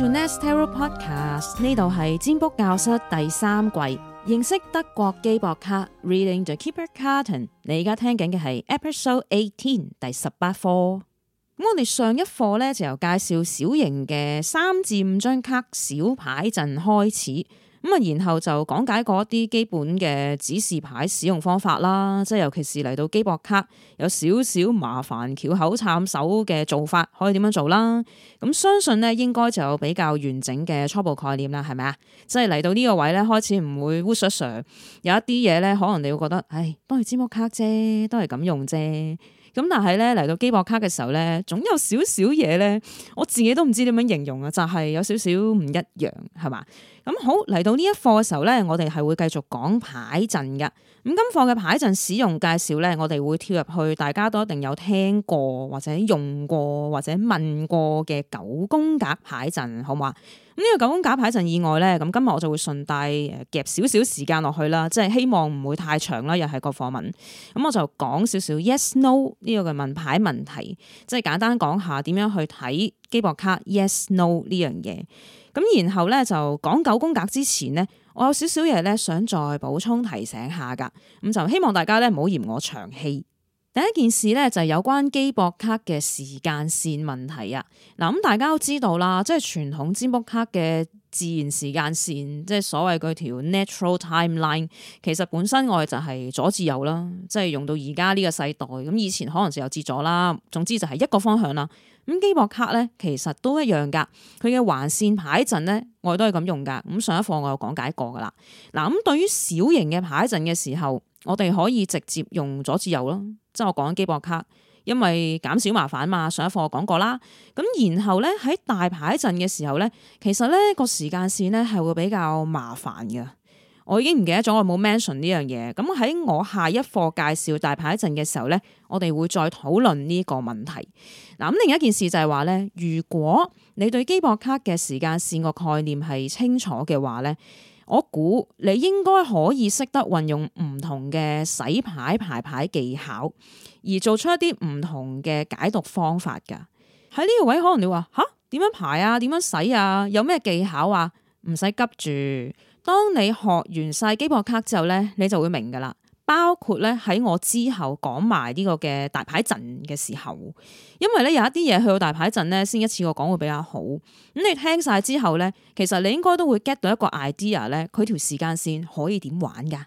《The Next Terror Podcast》呢度係占卜教室第三季，認識德國基博卡，Reading The Keeper Carton。你而家聽緊嘅係 Episode 18第十八課。咁我哋上一課呢，就由介紹小型嘅三至五張卡小牌陣開始。咁啊，然後就講解嗰啲基本嘅指示牌使用方法啦，即係尤其是嚟到基博卡有少少麻煩、巧口慘手嘅做法，可以點樣做啦？咁、嗯、相信呢應該就有比較完整嘅初步概念啦，係咪啊？即係嚟到呢個位呢，開始唔會 w i s 有一啲嘢呢，可能你會覺得，唉，都係支博卡啫，都係咁用啫。咁但係咧，嚟到基博卡嘅時候咧，總有少少嘢咧，我自己都唔知點樣形容啊，就係、是、有少少唔一樣係嘛。咁好，嚟到呢一課嘅時候咧，我哋係會繼續講牌陣嘅。咁今課嘅牌陣使用介紹咧，我哋會跳入去，大家都一定有聽過或者用過或者問過嘅九宮格牌陣，好唔好？呢個九宮格牌陣意外咧，咁今日我就會順帶夾少少時間落去啦，即係希望唔會太長啦。又係個課文，咁我就講少少 yes no 呢個嘅問牌問題，即係簡單講下點樣去睇基博卡 yes no 呢樣嘢。咁然後咧就講九宮格之前呢，我有少少嘢咧想再補充提醒下噶，咁就希望大家咧唔好嫌我長氣。第一件事咧就係有關機博卡嘅時間線問題啊！嗱，咁大家都知道啦，即係傳統占卜卡嘅自然時間線，即係所謂嗰條 natural timeline，其實本身我哋就係左至右啦，即係用到而家呢個世代。咁以前可能就右至左啦，總之就係一個方向啦。咁機博卡咧，其實都一樣噶，佢嘅橫線牌陣咧，我哋都係咁用噶。咁上一課我有講解過噶啦。嗱，咁對於小型嘅牌陣嘅時候。我哋可以直接用左至右咯，即係我講緊機博卡，因為減少麻煩嘛。上一課我講過啦，咁然後咧喺大牌一陣嘅時候咧，其實咧個時間線咧係會比較麻煩嘅。我已經唔記得咗我冇 mention 呢樣嘢，咁喺我下一課介紹大牌一陣嘅時候咧，我哋會再討論呢個問題。嗱，咁另一件事就係話咧，如果你對機博卡嘅時間線個概念係清楚嘅話咧，我估你應該可以識得運用唔同嘅洗牌排牌、牌技巧，而做出一啲唔同嘅解讀方法噶。喺呢個位可能你話吓，點樣排啊？點樣洗啊？有咩技巧啊？唔使急住，當你學完晒基博卡之後咧，你就會明噶啦。包括咧喺我之後講埋呢個嘅大牌陣嘅時候，因為咧有一啲嘢，去到大牌陣咧先一次過講會比較好。咁你聽晒之後咧，其實你應該都會 get 到一個 idea 咧，佢條時間線可以點玩㗎。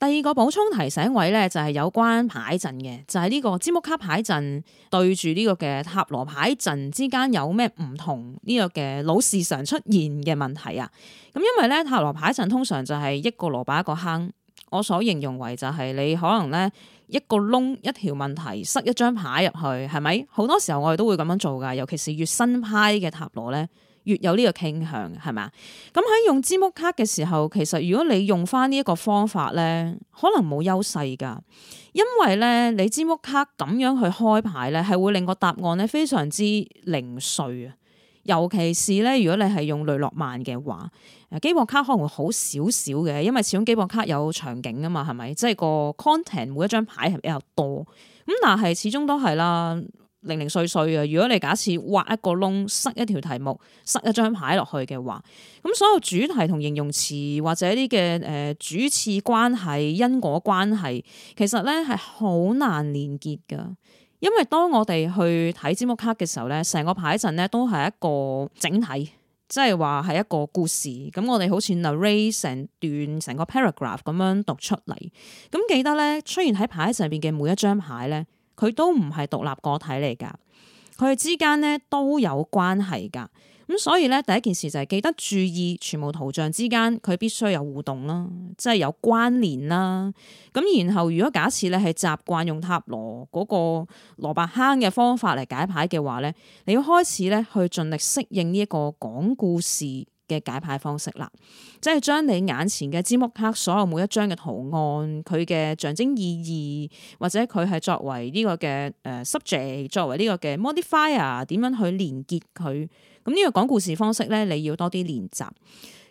第二個補充提醒位咧就係有關牌陣嘅，就係呢個占卜卡牌陣對住呢個嘅塔羅牌陣之間有咩唔同？呢個嘅老時常出現嘅問題啊。咁因為咧塔羅牌陣通常就係一個蘿蔔一個坑。我所形容為就係你可能咧一個窿，一條問題塞一張牌入去係咪？好多時候我哋都會咁樣做噶，尤其是越新派嘅塔羅呢，越有呢個傾向係咪？咁喺用支木卡嘅時候，其實如果你用翻呢一個方法呢，可能冇優勢噶，因為呢，你支木卡咁樣去開牌呢，係會令個答案呢非常之零碎啊，尤其是呢，如果你係用雷諾曼嘅話。機博卡可能會好少少嘅，因為始終機博卡有場景啊嘛，係咪？即係個 content 每一張牌係比較多，咁但係始終都係啦，零零碎碎嘅。如果你假設挖一個窿，塞一條題目，塞一張牌落去嘅話，咁所有主題同形容詞或者啲嘅誒主次關係、因果關係，其實咧係好難連結㗎，因為當我哋去睇機博卡嘅時候咧，成個牌陣咧都係一個整體。即係話係一個故事，咁我哋好似 narrate 成段，成個 paragraph 咁樣讀出嚟。咁記得咧，出現喺牌上邊嘅每一張牌咧，佢都唔係獨立個體嚟噶，佢哋之間咧都有關係噶。咁所以咧，第一件事就係記得注意全部圖像之間佢必須有互動啦，即係有關聯啦。咁然後如果假設你係習慣用塔羅嗰個蘿蔔坑嘅方法嚟解牌嘅話咧，你要開始咧去盡力適應呢一個講故事嘅解牌方式啦，即係將你眼前嘅占卜卡所有每一張嘅圖案、佢嘅象徵意義或者佢係作為呢個嘅誒 subject，作為呢個嘅 modifier，點樣去連結佢。咁呢個講故事方式咧，你要多啲練習。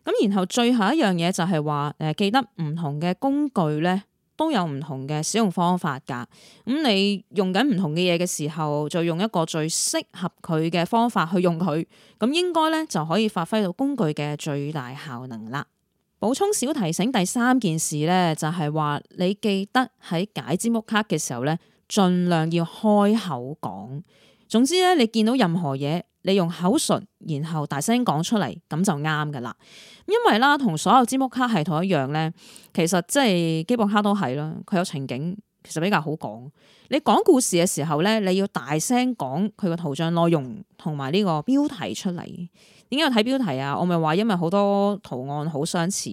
咁然後最後一樣嘢就係話，誒、呃、記得唔同嘅工具咧都有唔同嘅使用方法㗎。咁、嗯、你用緊唔同嘅嘢嘅時候，就用一個最適合佢嘅方法去用佢。咁、嗯、應該咧就可以發揮到工具嘅最大效能啦。補充小提醒，第三件事咧就係、是、話，你記得喺解字幕卡嘅時候咧，盡量要開口講。總之咧，你見到任何嘢，你用口唇然後大聲講出嚟，咁就啱噶啦。因為啦，同所有積木卡系統一樣咧，其實即係基本卡都係啦，佢有情景，其實比較好講。你講故事嘅時候咧，你要大聲講佢個圖像內容同埋呢個標題出嚟。點解要睇標題啊？我咪話因為好多圖案好相似。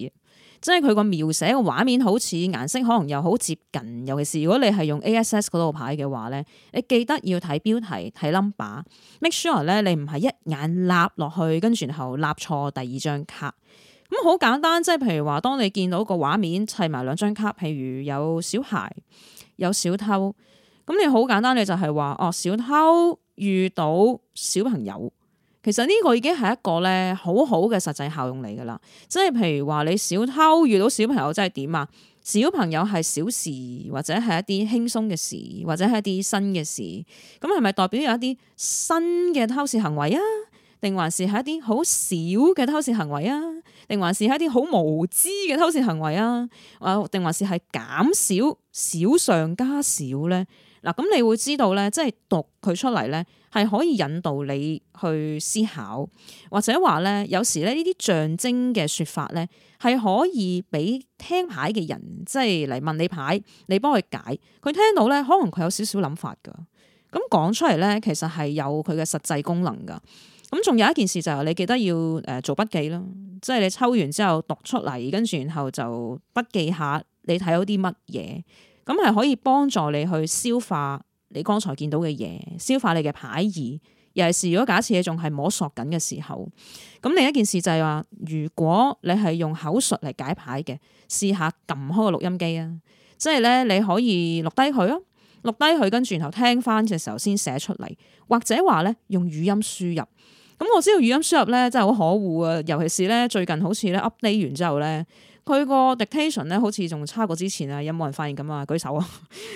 即係佢個描寫個畫面好似顏色可能又好接近，尤其是如果你係用 A.S.S 嗰度牌嘅話咧，你記得要睇標題，睇 number，make sure 咧你唔係一眼擸落去，跟住然後擸錯第二張卡。咁好簡單，即係譬如話，當你見到個畫面砌埋兩張卡，譬如有小孩、有小偷，咁你好簡單，你就係話哦，小偷遇到小朋友。其實呢個已經係一個咧好好嘅實際效用嚟噶啦，即係譬如話你小偷遇到小朋友即係點啊？小朋友係小事或者係一啲輕鬆嘅事，或者係一啲新嘅事，咁係咪代表有一啲新嘅偷竊行為啊？定還是係一啲好少嘅偷竊行為啊？定還是係一啲好無知嘅偷竊行為啊？或定還是係減少少上加少咧？嗱，咁你會知道咧，即係讀佢出嚟咧。係可以引導你去思考，或者話咧，有時咧呢啲象徵嘅說法咧，係可以俾聽牌嘅人，即係嚟問你牌，你幫佢解。佢聽到咧，可能佢有少少諗法噶，咁講出嚟咧，其實係有佢嘅實際功能噶。咁仲有一件事就係你記得要誒做筆記咯，即係你抽完之後讀出嚟，跟住然後就筆記下你睇到啲乜嘢，咁係可以幫助你去消化。你剛才見到嘅嘢，消化你嘅牌意，尤其是如果假設你仲係摸索緊嘅時候，咁另一件事就係話，如果你係用口述嚟解牌嘅，試下撳開個錄音機啊，即係咧你可以錄低佢咯，錄低佢跟住然後聽翻嘅時候先寫出嚟，或者話咧用語音輸入，咁我知道語音輸入咧真係好可惡啊，尤其是咧最近好似咧 update 完之後咧。佢個 dictation 咧，好似仲差過之前啊！有冇人發現咁啊？舉手啊！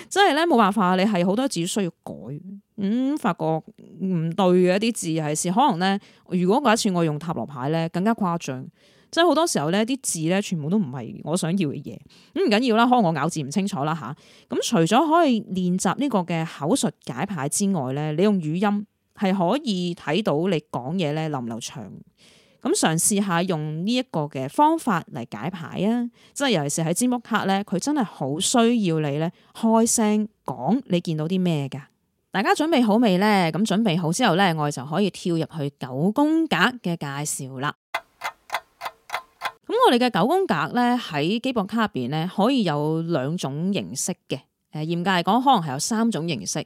真係咧冇辦法，你係好多字需要改，嗯，發覺唔對嘅一啲字係先。可能咧，如果嗰一次我用塔羅牌咧，更加誇張。即係好多時候咧，啲字咧，全部都唔係我想要嘅嘢。咁唔緊要啦，可能我咬字唔清楚啦吓，咁、啊、除咗可以練習呢個嘅口述解牌之外咧，你用語音係可以睇到你講嘢咧，流唔流暢？咁嘗試下用呢一個嘅方法嚟解牌啊！即係尤其是喺占卜卡咧，佢真係好需要你咧，開聲講你見到啲咩㗎。大家準備好未呢？咁準備好之後呢，我就可以跳入去九宮格嘅介紹啦。咁我哋嘅九宮格呢，喺機博卡入邊呢，可以有兩種形式嘅。誒嚴格嚟講，可能係有三種形式。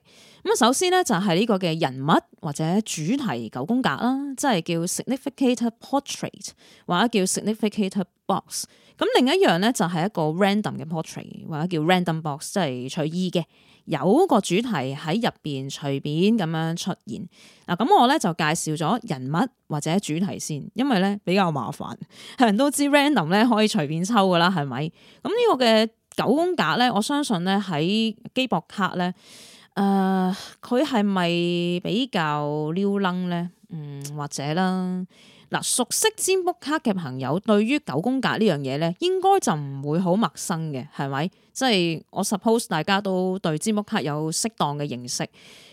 咁首先咧就係、是、呢個嘅人物或者主題九宮格啦，即係叫 significator portrait 或者叫 significator box。咁另一樣咧就係、是、一個 random 嘅 portrait 或者叫 random box，即係隨意嘅有個主題喺入邊隨便咁樣出現。嗱、啊，咁我咧就介紹咗人物或者主題先，因為咧比較麻煩。係人都知 random 咧可以隨便抽㗎喇，係咪？咁呢個嘅九宮格咧，我相信咧喺基博卡咧，誒、呃，佢係咪比較溜楞咧？嗯，或者啦，嗱，熟悉占卜，卜卡嘅朋友，對於九宮格呢樣嘢咧，應該就唔會好陌生嘅，係咪？即係我 suppose 大家都對占卜卡有適當嘅認識。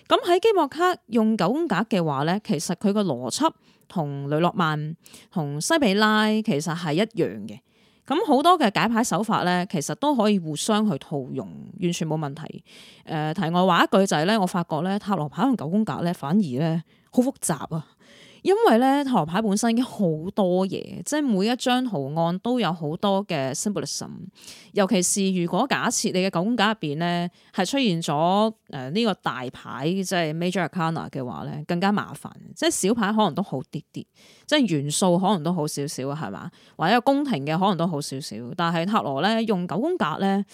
咁喺基博卡用九宮格嘅話咧，其實佢個邏輯同雷諾曼同西比拉其實係一樣嘅。咁好多嘅解牌手法咧，其實都可以互相去套用，完全冇問題。誒、呃，題外話一句就係咧，我發覺咧塔羅牌同九宮格咧，反而咧好複雜啊！因為咧，塔羅牌本身已經好多嘢，即係每一張圖案都有好多嘅 symbolism。尤其是如果假設你嘅九宮格入邊咧，係出現咗誒呢個大牌，即係 Major Arcana 嘅話咧，更加麻煩。即係小牌可能都好啲啲，即係元素可能都好少少，係嘛？或者個宮廷嘅可能都好少少。但係塔羅咧用九宮格咧，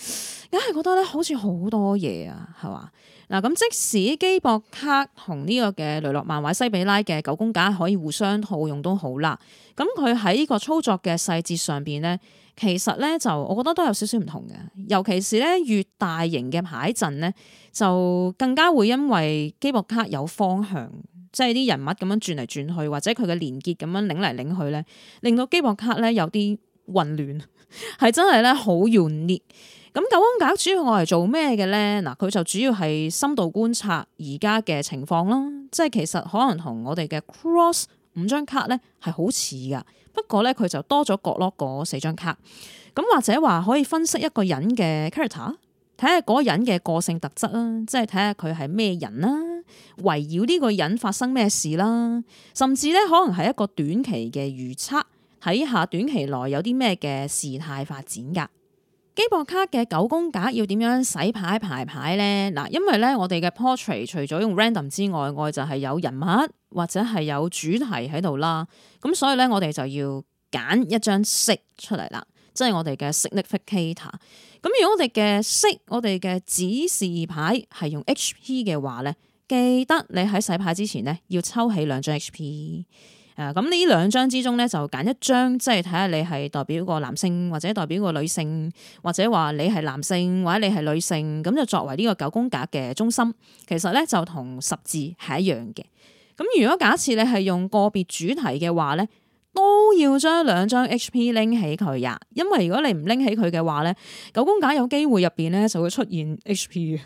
梗係覺得咧好似好多嘢啊，係嘛？嗱，咁即使基博卡同呢個嘅雷諾漫畫西比拉嘅九宮格可以互相套用都好啦，咁佢喺呢個操作嘅細節上邊咧，其實咧就我覺得都有少少唔同嘅，尤其是咧越大型嘅牌陣咧，就更加會因為基博卡有方向，即係啲人物咁樣轉嚟轉去，或者佢嘅連結咁樣擰嚟擰去咧，令到基博卡咧有啲混亂，係 真係咧好 u 咁九宮格主要我係做咩嘅咧？嗱，佢就主要係深度觀察而家嘅情況啦。即係其實可能同我哋嘅 cross 五張卡咧係好似噶，不過咧佢就多咗角落嗰四張卡，咁或者話可以分析一個人嘅 character，睇下嗰人嘅個性特質啦，即係睇下佢係咩人啦，圍繞呢個人發生咩事啦，甚至咧可能係一個短期嘅預測，睇下短期內有啲咩嘅事態發展噶。奇博卡嘅九宮格要點樣洗牌排牌咧？嗱，因為咧我哋嘅 portrait 除咗用 random 之外，外就係有人物或者係有主題喺度啦。咁所以咧我哋就要揀一張色出嚟啦，即係我哋嘅 significator。咁如果我哋嘅色，我哋嘅指示牌係用 HP 嘅話咧，記得你喺洗牌之前呢，要抽起兩張 HP。誒，咁呢兩張之中咧，就揀一張，即係睇下你係代表個男性或者代表個女性，或者話你係男性或者你係女性，咁就作為呢個九宮格嘅中心。其實咧就同十字係一樣嘅。咁如果假設你係用個別主題嘅話咧，都要將兩張 HP 拎起佢呀。因為如果你唔拎起佢嘅話咧，九宮格有機會入邊咧就會出現 HP，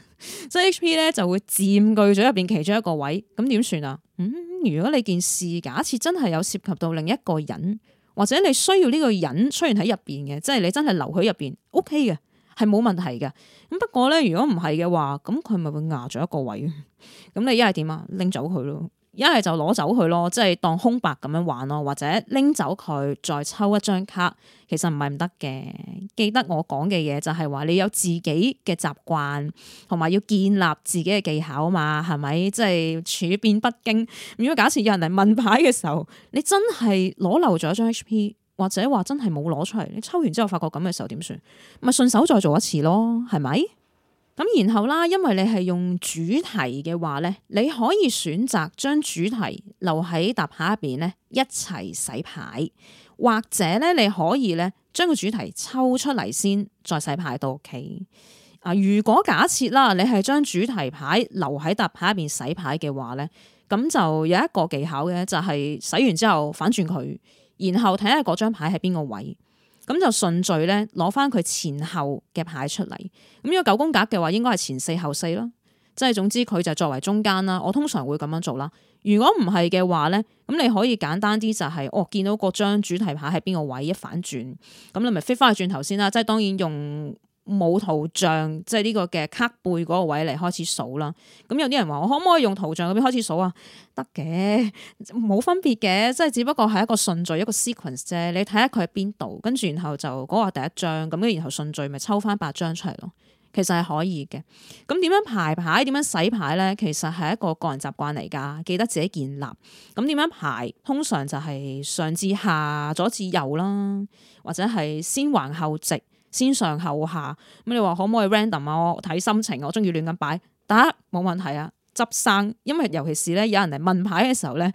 即 係 HP 咧就會佔據咗入邊其中一個位。咁點算啊？嗯。如果你件事假設真係有涉及到另一個人，或者你需要呢個人出現喺入邊嘅，即係你真係留佢入邊，OK 嘅係冇問題嘅。咁不過咧，如果唔係嘅話，咁佢咪會壓咗一個位。咁 你一係點啊？拎走佢咯。一係就攞走佢咯，即係當空白咁樣玩咯，或者拎走佢再抽一張卡，其實唔係唔得嘅。記得我講嘅嘢就係話，你有自己嘅習慣，同埋要建立自己嘅技巧啊嘛，係咪？即係處變不驚。如果假設有人嚟問牌嘅時候，你真係攞漏咗一張 HP，或者話真係冇攞出嚟，你抽完之後發覺咁嘅時候點算？咪順手再做一次咯，係咪？咁然後啦，因為你係用主題嘅話咧，你可以選擇將主題留喺搭牌入邊咧，一齊洗牌；或者咧，你可以咧將個主題抽出嚟先，再洗牌到屋企。啊，如果假設啦，你係將主題牌留喺搭牌入邊洗牌嘅話咧，咁就有一個技巧嘅，就係、是、洗完之後反轉佢，然後睇下嗰張牌喺邊個位。咁就順序咧，攞翻佢前後嘅牌出嚟。咁如果九宮格嘅話，應該係前四後四咯。即係總之佢就作為中間啦。我通常會咁樣做啦。如果唔係嘅話咧，咁你可以簡單啲就係、是，我、哦、見到嗰張主題牌喺邊個位一反轉，咁你咪飛翻去轉頭先啦。即係當然用。冇圖像，即係呢個嘅卡背嗰個位嚟開始數啦。咁有啲人話我可唔可以用圖像嗰邊開始數啊？得嘅，冇分別嘅，即係只不過係一個順序，一個 sequence 啫。你睇下佢喺邊度，跟住然後就嗰個第一張，咁跟然後順序咪抽翻八張出嚟咯。其實係可以嘅。咁點樣排牌？點樣洗牌呢？其實係一個個人習慣嚟㗎，記得自己建立。咁點樣排？通常就係上至下，左至右啦，或者係先橫後直。先上後下，咁你話可唔可以 random 啊？我睇心情，我中意亂咁擺，得，冇問題啊，執生。因為尤其是咧，有人嚟問牌嘅時候咧，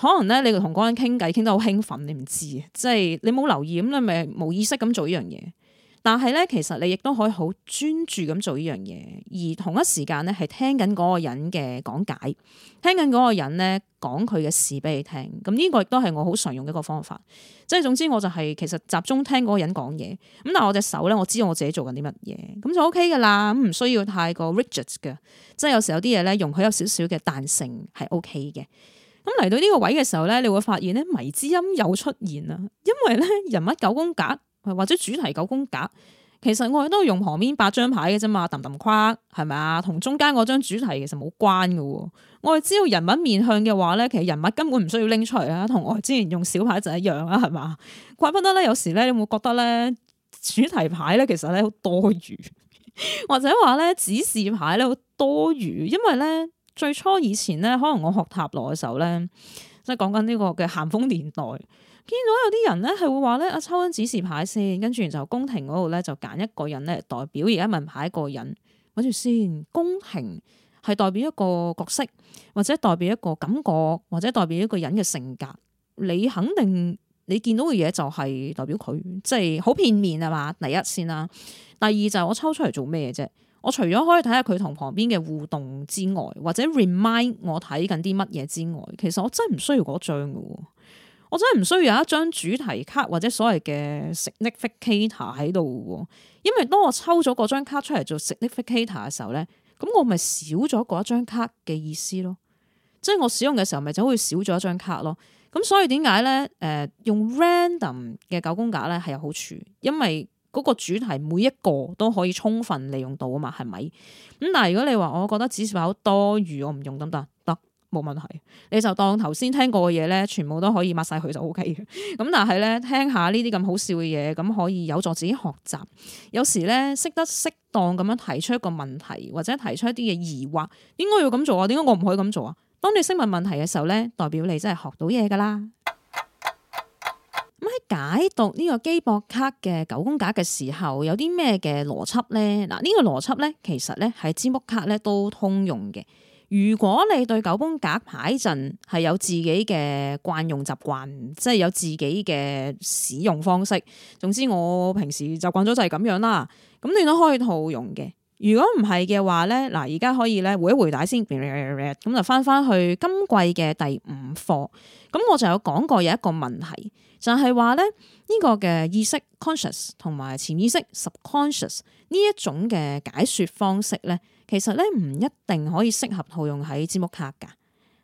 可能咧你同嗰個人傾偈傾得好興奮，你唔知，即係你冇留意咁，你咪無意識咁做依樣嘢。但係咧，其實你亦都可以好專注咁做呢樣嘢，而同一時間咧係聽緊嗰個人嘅講解，聽緊嗰個人咧講佢嘅事俾你聽。咁呢個亦都係我好常用一個方法。即係總之，我就係其實集中聽嗰個人講嘢。咁但係我隻手咧，我知道我自己做緊啲乜嘢，咁就 OK 噶啦，唔需要太過 rigid 嘅。即係有時有啲嘢咧，容許有少少嘅彈性係 OK 嘅。咁嚟到呢個位嘅時候咧，你會發現咧，迷之音又出現喇，因為咧人物九宮格。或者主題九宮格，其實我哋都用旁邊八張牌嘅啫嘛，揼揼框係咪啊？同中間嗰張主題其實冇關嘅喎。我哋知道人物面向嘅話咧，其實人物根本唔需要拎出嚟啦，同我哋之前用小牌就一樣啦，係嘛？怪不得咧，有時咧，你會覺得咧主題牌咧其實咧好多餘，或者話咧指示牌咧好多餘，因為咧最初以前咧，可能我學塔羅嘅時候咧，即係講緊呢個嘅咸豐年代。見到有啲人咧係會話咧，阿、啊、抽緊指示牌先，跟住就宮廷嗰度咧就揀一個人咧代表而家問牌一個人，跟住先宮廷係代表一個角色，或者代表一個感覺，或者代表一個人嘅性格。你肯定你見到嘅嘢就係代表佢，即係好片面啊嘛。第一先啦，第二就係我抽出嚟做咩啫？我除咗可以睇下佢同旁邊嘅互動之外，或者 remind 我睇緊啲乜嘢之外，其實我真係唔需要嗰張噶。我真係唔需要有一張主題卡或者所謂嘅 Significator 喺度，因為當我抽咗嗰張卡出嚟做 Significator 嘅時候咧，咁我咪少咗嗰一張卡嘅意思咯。即係我使用嘅時候咪就會少咗一張卡咯。咁所以點解咧？誒、呃，用 random 嘅九宮格咧係有好處，因為嗰個主題每一個都可以充分利用到啊嘛，係咪？咁但係如果你話我覺得只是話好多餘，我唔用得唔得？得。冇問題，你就當頭先聽過嘅嘢咧，全部都可以抹晒佢就 O K 嘅。咁 但係咧，聽下呢啲咁好笑嘅嘢，咁可以有助自己學習。有時咧，識得適當咁樣提出一個問題，或者提出一啲嘅疑惑，應該要咁做啊？點解我唔可以咁做啊？當你識問問題嘅時候咧，代表你真係學到嘢噶啦。咁喺、嗯、解讀呢個基博卡嘅九宮格嘅時候，有啲咩嘅邏輯咧？嗱，這個、邏輯呢個邏輯咧，其實咧喺占卜卡咧都通用嘅。如果你對九宮格牌陣係有自己嘅慣用習慣，即係有自己嘅使用方式，總之我平時習慣咗就係咁樣啦。咁你都可以套用嘅。如果唔係嘅話咧，嗱，而家可以咧回一回帶先，咁就翻翻去今季嘅第五課。咁我就有講過有一個問題，就係話咧，呢個嘅意識 conscious 同埋潛意識 subconscious 呢一種嘅解說方式咧。其實咧唔一定可以適合套用喺占卜卡噶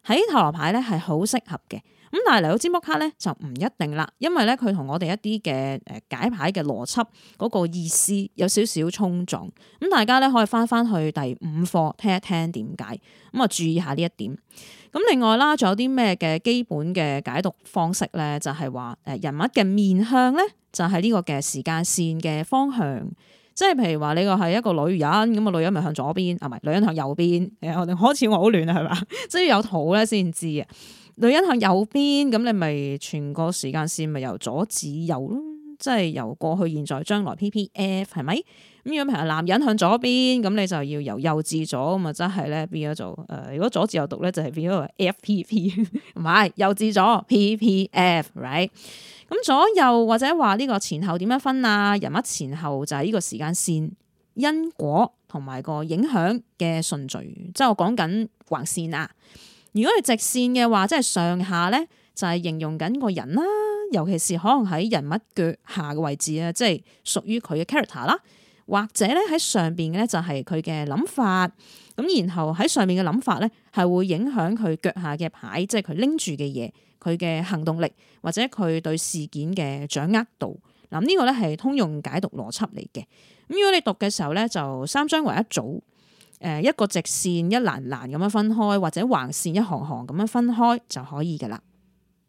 喺塔羅牌咧係好適合嘅。咁但係嚟到占卜卡咧就唔一定啦，因為咧佢同我哋一啲嘅誒解牌嘅邏輯嗰個意思有少少衝撞。咁大家咧可以翻翻去第五課聽一聽點解。咁啊注意下呢一點。咁另外啦，仲有啲咩嘅基本嘅解讀方式咧？就係話誒人物嘅面向咧，就係呢個嘅時間線嘅方向。即係譬如話你個係一個女人咁啊，女人咪向左邊啊，唔係女人向右邊。我哋好似我好亂係嘛？即係有圖咧先知啊。女人向右邊，咁你咪全個時間線咪由左至右咯，即係由過去、現在、將來 P P F 係咪？咁樣，譬如話男人向左邊，咁你就要由右至左咁啊，真係咧變咗做誒。如果左至右讀咧，就係變咗個 F P P，唔係右至左 P P F right。咁左右，或者話呢個前後點樣分啊？人物前後就係呢個時間線因果同埋個影響嘅順序，即係我講緊橫線啊。如果係直線嘅話，即係上下咧，就係形容緊個人啦，尤其是可能喺人物腳下嘅位置啊，即係屬於佢嘅 character 啦。或者咧喺上邊嘅咧就係佢嘅諗法，咁然後喺上面嘅諗法咧係會影響佢腳下嘅牌，即係佢拎住嘅嘢。佢嘅行動力或者佢對事件嘅掌握度，嗱、這、呢個咧係通用解讀邏輯嚟嘅。咁如果你讀嘅時候咧，就三張為一組，誒一個直線一欄欄咁樣分開，或者橫線一行行咁樣分開就可以噶啦。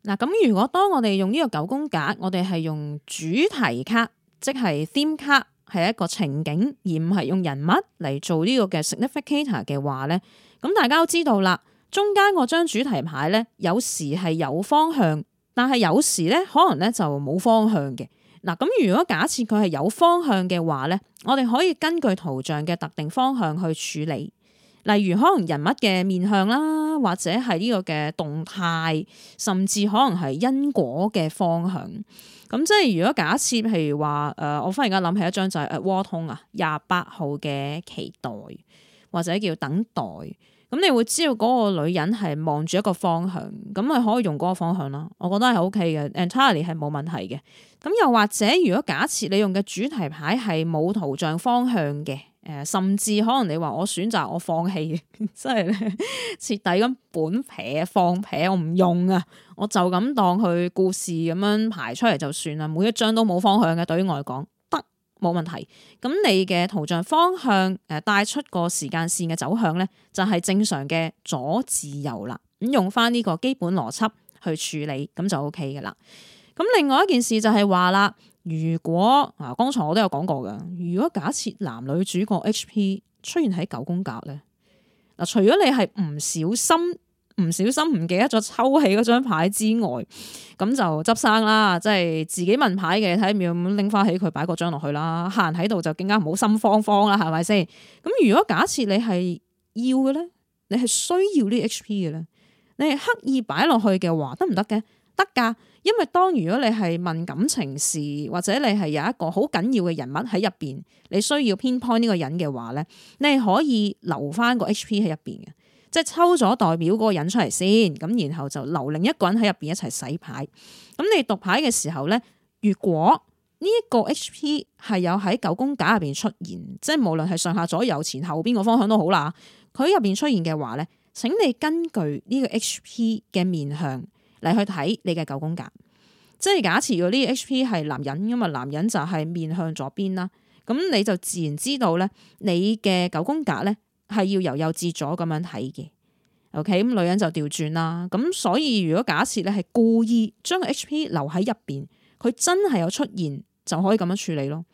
嗱咁如果當我哋用呢個九宮格，我哋係用主題卡，即係 theme 卡，係一個情景，而唔係用人物嚟做呢個嘅 significator 嘅話咧，咁大家都知道啦。中間嗰張主題牌咧，有時係有方向，但係有時咧可能咧就冇方向嘅。嗱，咁如果假設佢係有方向嘅話咧，我哋可以根據圖像嘅特定方向去處理，例如可能人物嘅面向啦，或者係呢個嘅動態，甚至可能係因果嘅方向。咁即係如果假設譬如話，誒、呃，我忽然間諗起一張就係誒，窩通啊，廿八號嘅期待或者叫等待。咁你會知道嗰個女人係望住一個方向，咁咪可以用嗰個方向咯。我覺得係 OK 嘅 Entirely 係冇問題嘅。咁又或者如果假設你用嘅主題牌係冇圖像方向嘅，誒、呃、甚至可能你話我選擇我放棄，即 係徹底咁本撇放撇，我唔用啊，我就咁當佢故事咁樣排出嚟就算啦。每一張都冇方向嘅，對於我嚟講。冇問題，咁你嘅圖像方向誒帶出個時間線嘅走向咧，就係、是、正常嘅左至右啦。咁用翻呢個基本邏輯去處理，咁就 O K 嘅啦。咁另外一件事就係話啦，如果啊剛才我都有講過嘅，如果假設男女主角 H P 出現喺九宮格咧，嗱，除咗你係唔小心。唔小心唔記得咗抽起嗰張牌之外，咁就執生啦，即係自己問牌嘅，睇唔點咁拎翻起佢擺個張落去啦。閒喺度就更加唔好心慌慌啦，係咪先？咁如果假設你係要嘅咧，你係需要呢 HP 嘅咧，你係刻意擺落去嘅話，得唔得嘅？得噶，因為當如果你係問感情事，或者你係有一個好緊要嘅人物喺入邊，你需要 pinpoint 呢個人嘅話咧，你係可以留翻個 HP 喺入邊嘅。即係抽咗代表嗰個人出嚟先，咁然後就留另一個人喺入邊一齊洗牌。咁你讀牌嘅時候咧，如果呢個 H P 係有喺九宮格入邊出現，即係無論係上下左右前後邊個方向都好啦，佢入邊出現嘅話咧，請你根據呢個 H P 嘅面向嚟去睇你嘅九宮格。即係假設呢個 H P 係男人，咁啊男人就係面向左邊啦，咁你就自然知道咧你嘅九宮格咧。係要由右至左咁樣睇嘅，OK 咁女人就調轉啦。咁所以如果假設你係故意將 HP 留喺入邊，佢真係有出現就可以咁樣處理咯。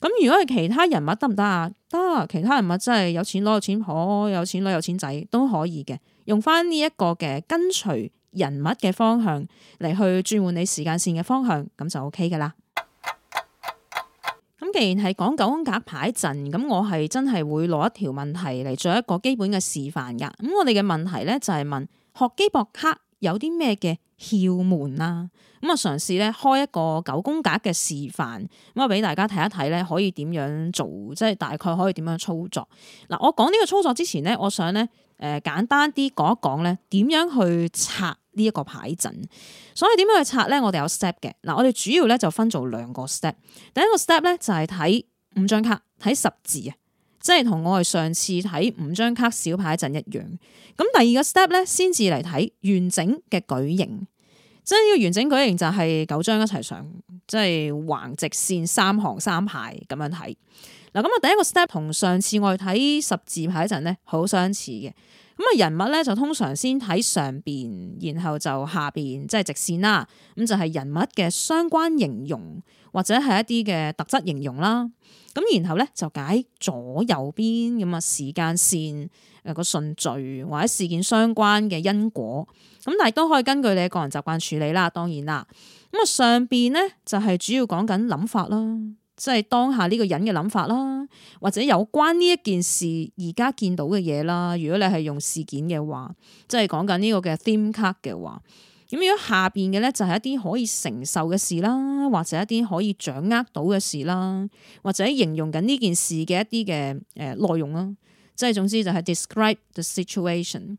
咁如果係其他人物得唔得啊？得，其他人物真係有錢佬，有錢婆、有錢女，有錢仔都可以嘅，用翻呢一個嘅跟隨人物嘅方向嚟去轉換你時間線嘅方向，咁就 OK 噶啦。咁既然係講九宮格牌陣，咁我係真係會攞一條問題嚟做一個基本嘅示範噶。咁我哋嘅問題咧就係、是、問學機博客有啲咩嘅竅門啦、啊。咁我嘗試咧開一個九宮格嘅示範，咁啊俾大家睇一睇咧可以點樣做，即、就、係、是、大概可以點樣操作。嗱，我講呢個操作之前咧，我想咧。誒簡單啲講一講咧，點樣去拆呢一個牌陣？所以點樣去拆咧？我哋有 step 嘅。嗱，我哋主要咧就分做兩個 step。第一個 step 咧就係睇五張卡，睇十字啊，即係同我哋上次睇五張卡小牌陣一樣。咁第二個 step 咧先至嚟睇完整嘅矩形。即係要完整矩形就係九張一齊上，即係橫直線三行三排咁樣睇。嗱，咁啊，第一個 step 同上次我哋睇十字牌嗰陣咧，好相似嘅。咁啊，人物咧就通常先睇上邊，然後就下邊，即係直線啦。咁就係、是、人物嘅相關形容或者係一啲嘅特質形容啦。咁然後咧就解左右邊，咁啊，時間線誒個順序或者事件相關嘅因果。咁但係都可以根據你個人習慣處理啦。當然啦，咁啊上邊咧就係、是、主要講緊諗法啦。即係當下呢個人嘅諗法啦，或者有關呢一件事而家見到嘅嘢啦。如果你係用事件嘅話，即係講緊呢個嘅 theme card 嘅話，咁如果下邊嘅呢，就係一啲可以承受嘅事啦，或者一啲可以掌握到嘅事啦，或者形容緊呢件事嘅一啲嘅誒內容咯。即係總之就係 describe the situation。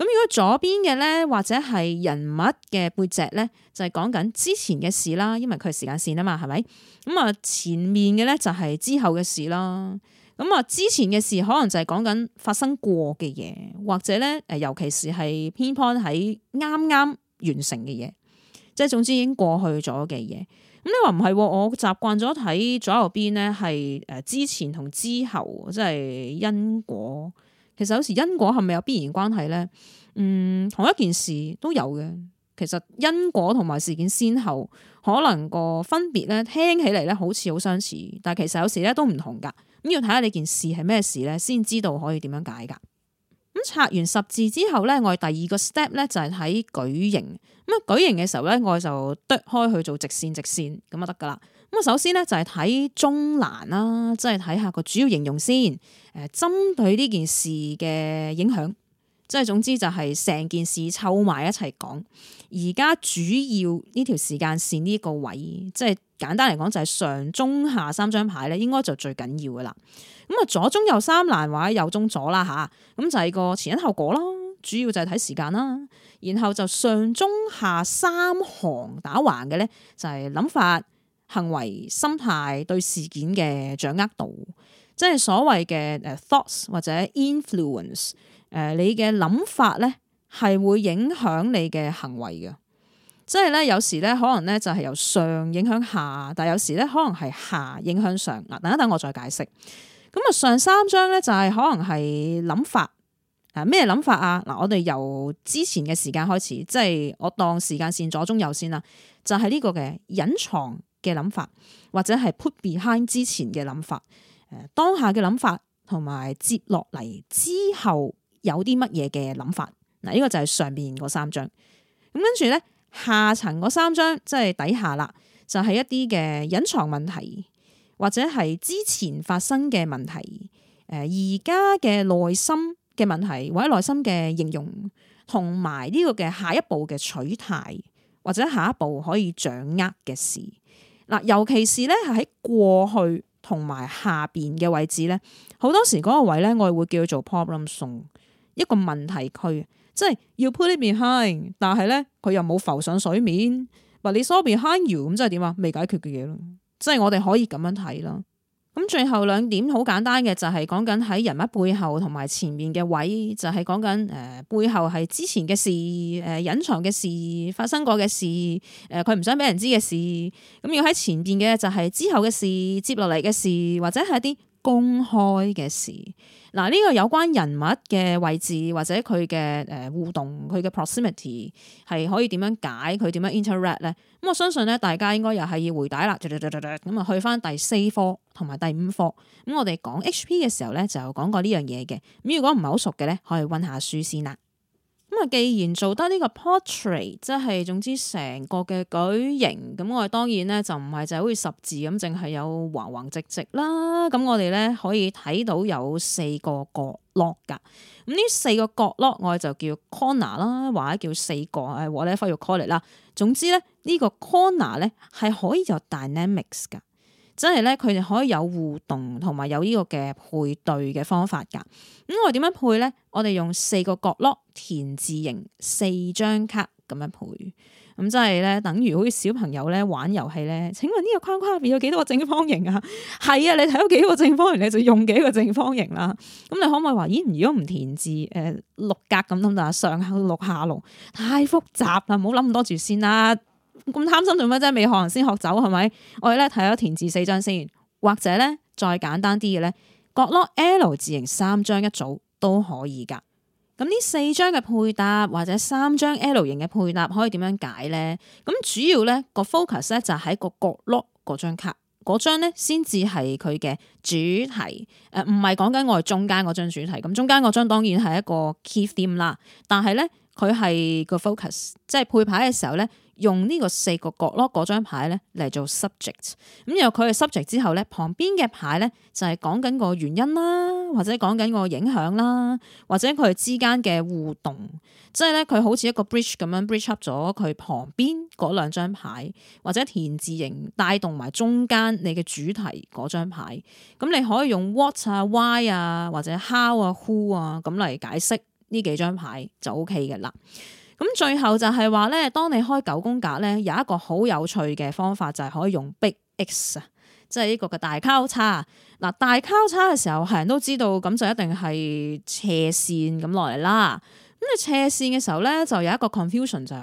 咁如果左邊嘅咧，或者係人物嘅背脊咧，就係講緊之前嘅事啦，因為佢係時間線啊嘛，係咪？咁啊，前面嘅咧就係之後嘅事啦。咁啊，之前嘅事可能就係講緊發生過嘅嘢，或者咧誒，尤其是係偏頗喺啱啱完成嘅嘢，即係總之已經過去咗嘅嘢。咁你話唔係？我習慣咗睇左右邊咧，係誒之前同之後，即係因果。其實有時因果係咪有必然關係呢？嗯，同一件事都有嘅。其實因果同埋事件先後可能個分別咧，聽起嚟咧好似好相似，但係其實有時咧都唔同噶。咁要睇下你件事係咩事咧，先知道可以點樣解噶。咁拆完十字之後咧，我哋第二個 step 咧就係睇矩形咁啊。矩形嘅時候咧，我就剁開去做直線，直線咁就得噶啦。咁啊，首先咧就係睇中難啦，即係睇下個主要形容先。誒，針對呢件事嘅影響，即係總之就係成件事湊埋一齊講。而家主要呢條時間線呢個位，即係簡單嚟講就係上中下三張牌咧，應該就最緊要噶啦。咁啊，左中右三難或者右中左啦吓，咁就係、是、個前因後果咯。主要就係睇時間啦，然後就上中下三行打橫嘅咧，就係諗法。行為、心態對事件嘅掌握度，即係所謂嘅誒 thoughts 或者 influence，誒、呃、你嘅諗法咧係會影響你嘅行為嘅，即係咧有時咧可能咧就係由上影響下，但係有時咧可能係下影響上。嗱，等一等，我再解釋。咁啊，上三章咧就係可能係諗法，啊咩諗法啊？嗱，我哋由之前嘅時間開始，即係我當時間線左中右先啦，就係呢個嘅隱藏嘅諗法，或者係 put behind 之前嘅諗法，誒當下嘅諗法，同埋接落嚟，之後有啲乜嘢嘅諗法，嗱呢個就係上邊嗰三張，咁跟住咧下層嗰三張即係底下啦，就係一啲嘅隱藏問題，或者係之前發生嘅問題，誒而家嘅內心嘅問題或者內心嘅形容，同埋呢個嘅下一步嘅取態，或者下一步可以掌握嘅事。嗱，尤其是咧喺過去同埋下邊嘅位置咧，好多時嗰個位咧，我哋會叫做 problem zone，一個問題區，即係要 put it behind，但係咧佢又冇浮上水面，嗱你 so behind you，咁即係點啊？未解決嘅嘢咯，即係我哋可以咁樣睇啦。咁最後兩點好簡單嘅，就係講緊喺人物背後同埋前面嘅位，就係講緊誒背後係之前嘅事，誒隱藏嘅事，發生過嘅事，誒佢唔想俾人知嘅事，咁要喺前邊嘅就係之後嘅事，接落嚟嘅事，或者係啲。公開嘅事，嗱呢個有關人物嘅位置或者佢嘅誒互動，佢嘅 proximity 係可以點樣解佢點樣 interact 咧？咁我相信咧，大家應該又係要回帶啦，咁啊去翻第四課同埋第五課，咁我哋講 HP 嘅時候咧，就講過呢樣嘢嘅。咁如果唔係好熟嘅咧，可以温下書先啦。咁啊，既然做得呢個 portrait，即係總之成個嘅矩形，咁我哋當然咧就唔係就好似十字咁，淨係有橫橫直直啦。咁我哋咧可以睇到有四個角落㗎。咁呢四個角落，我哋就叫 corner 啦，或者叫四個誒 wallify 用 corner 啦。It, 總之咧，呢個 corner 咧係可以有 dynamics 㗎。真係咧，佢哋可以有互動，同埋有呢個嘅配對嘅方法噶。咁我點樣配咧？我哋用四個角落填字型四張卡咁樣配。咁即係咧，等於好似小朋友咧玩遊戲咧。請問呢個框框入邊有幾多個正方形啊？係啊，你睇到幾個正方形你就用幾個正方形啦。咁你可唔可以話？咦，如果唔填字，誒、呃，六格咁諗下上下六下六太複雜啦，唔好諗咁多住先啦。咁貪心做乜啫？未學行先學走係咪？我哋咧睇咗填字四張先，或者咧再簡單啲嘅咧，角落 L 字形三張一組都可以噶。咁呢四張嘅配搭或者三張 L 型嘅配搭可以點樣解咧？咁主要咧個 focus 咧就喺一個角落嗰張卡嗰張咧先至係佢嘅主題誒，唔係講緊我哋中間嗰張主題。咁、呃、中間嗰張當然係一個 key theme 啦，但係咧佢係個 focus，即係配牌嘅時候咧。用呢個四個角落嗰張牌咧嚟做 subject，咁有佢嘅 subject 之後咧，旁邊嘅牌咧就係講緊個原因啦，或者講緊個影響啦，或者佢哋之間嘅互動，即係咧佢好似一個 bridge 咁樣 bridge up 咗佢旁邊嗰兩張牌，或者田字形帶動埋中間你嘅主題嗰張牌，咁你可以用 what 啊、why 啊、或者 how 啊、who 啊咁嚟解釋呢幾張牌就 ok 嘅啦。咁最後就係話咧，當你開九宮格咧，有一個好有趣嘅方法就係可以用 Big X 啊，即係呢個嘅大交叉。嗱，大交叉嘅時候，係人都知道，咁就一定係斜線咁落嚟啦。咁你斜線嘅時候咧，就有一個 confusion 就，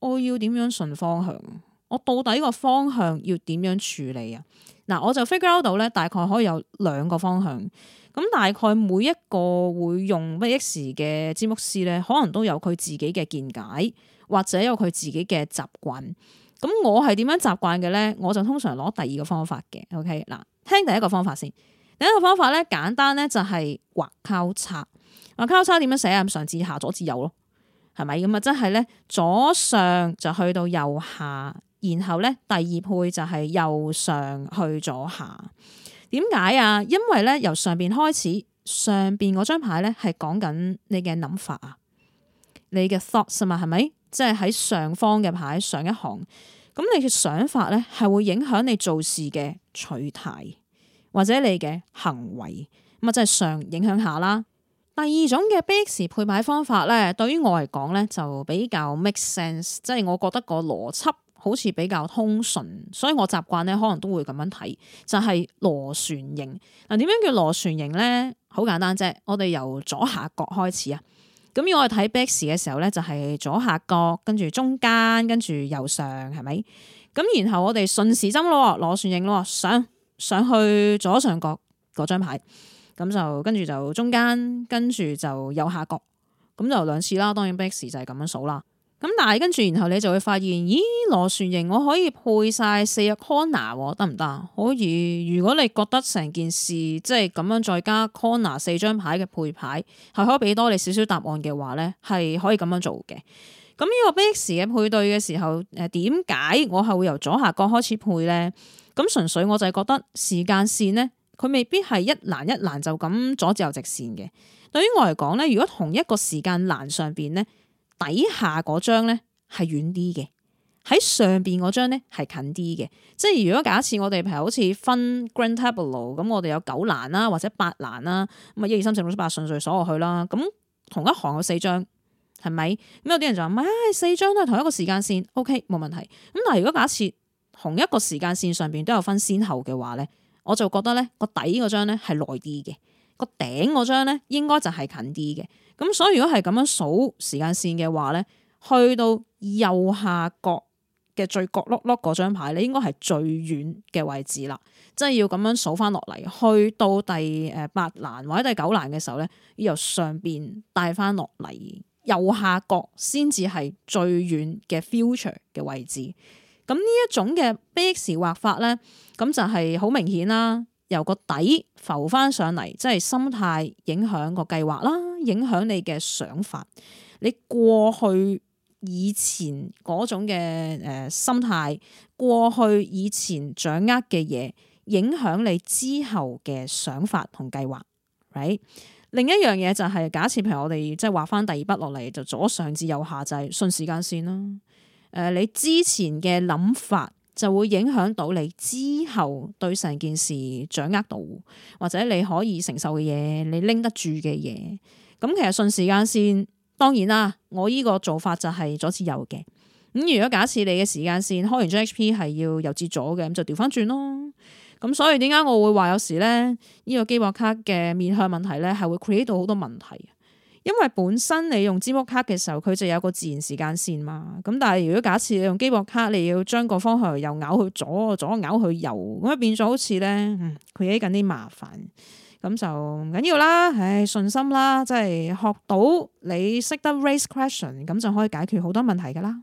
我要點樣順方向？我到底個方向要點樣處理啊？嗱，我就 figure out 到咧，大概可以有兩個方向。咁大概每一個會用乜嘢時嘅占卜師咧，urs，可能都有佢自己嘅見解，或者有佢自己嘅習慣。咁我係點樣習慣嘅咧？我就通常攞第二個方法嘅。OK，嗱，聽第一個方法先。第一個方法咧，簡單咧就係畫交叉。畫交叉點樣寫啊？上至下，左至右咯，係咪咁啊？即係咧，左上就去到右下，然後咧，第二配就係右上去左下。點解啊？因為咧，由上邊開始，上邊嗰張牌咧係講緊你嘅諗法啊，你嘅 thought 嘛，係咪？即係喺上方嘅牌上一行，咁你嘅想法咧係會影響你做事嘅取態，或者你嘅行為，咁啊，即係上影響下啦。第二種嘅 base 配牌方法咧，對於我嚟講咧就比較 make sense，即係我覺得個邏輯。好似比較通順，所以我習慣咧，可能都會咁樣睇，就係螺旋形。嗱，點樣叫螺旋形咧？好簡單啫，我哋由左下角開始啊。咁如果我哋睇 backs 嘅時候咧，就係左下角，跟住中間，跟住右上，係咪？咁然後我哋順時針咯，螺旋形咯，上上去左上角嗰張牌，咁就跟住就中間，跟住就右下角，咁就兩次啦。當然 backs 就係咁樣數啦。咁但係跟住，然後你就會發現，咦，螺旋形我可以配晒四隻 corner 喎，得唔得？可以，如果你覺得成件事即係咁樣再加 corner 四張牌嘅配牌，係可以俾多你少少答案嘅話呢係可以咁樣做嘅。咁、嗯、呢、呢個 Base 嘅配對嘅時候，誒點解我係會由左下角開始配呢？咁、嗯、純粹我就係覺得時間線呢，佢未必係一欄一欄就咁左至右直線嘅。對於我嚟講呢，如果同一個時間欄上邊呢。底下嗰張咧係遠啲嘅，喺上邊嗰張咧係近啲嘅。即係如果假設我哋譬如好似分 grand table 咁，我哋有九欄啦，或者八欄啦，咁啊一二三四五六七八順，順序鎖落去啦。咁同一行有四張，係咪？咁有啲人就話，咪、哎、四張都係同一個時間線，OK，冇問題。咁但係如果假設同一個時間線上邊都有分先後嘅話咧，我就覺得咧個底嗰張咧係耐啲嘅，個頂嗰張咧應該就係近啲嘅。咁所以如果係咁樣數時間線嘅話咧，去到右下角嘅最角落落嗰張牌咧，應該係最遠嘅位置啦。即係要咁樣數翻落嚟，去到第誒八欄或者第九欄嘅時候咧，要由上邊帶翻落嚟右下角先至係最遠嘅 future 嘅位置。咁呢一種嘅 base 時畫法咧，咁就係好明顯啦。由個底浮翻上嚟，即係心態影響個計劃啦，影響你嘅想法。你過去以前嗰種嘅誒心態，過去以前掌握嘅嘢，影響你之後嘅想法同計劃。right，另一樣嘢就係、是、假設，譬如我哋即係畫翻第二筆落嚟，就左上至右下就係、是、順時間線啦。誒，你之前嘅諗法。就會影響到你之後對成件事掌握到，或者你可以承受嘅嘢，你拎得住嘅嘢。咁其實順時間線，當然啦，我依個做法就係左至右嘅。咁如果假設你嘅時間線開完張 HP 係要右至左嘅，咁就調翻轉咯。咁所以點解我會話有時咧，呢個機博卡嘅面向問題咧，係會 create 到好多問題。因為本身你用字幕卡嘅時候，佢就有個自然時間線嘛。咁但係如果假設你用機幕卡，你要將個方向右咬去左，左咬去右，咁咪變咗好似咧，佢起緊啲麻煩。咁就唔緊要啦，唉，信心啦，即係學到你識得 raise question，咁就可以解決好多問題噶啦。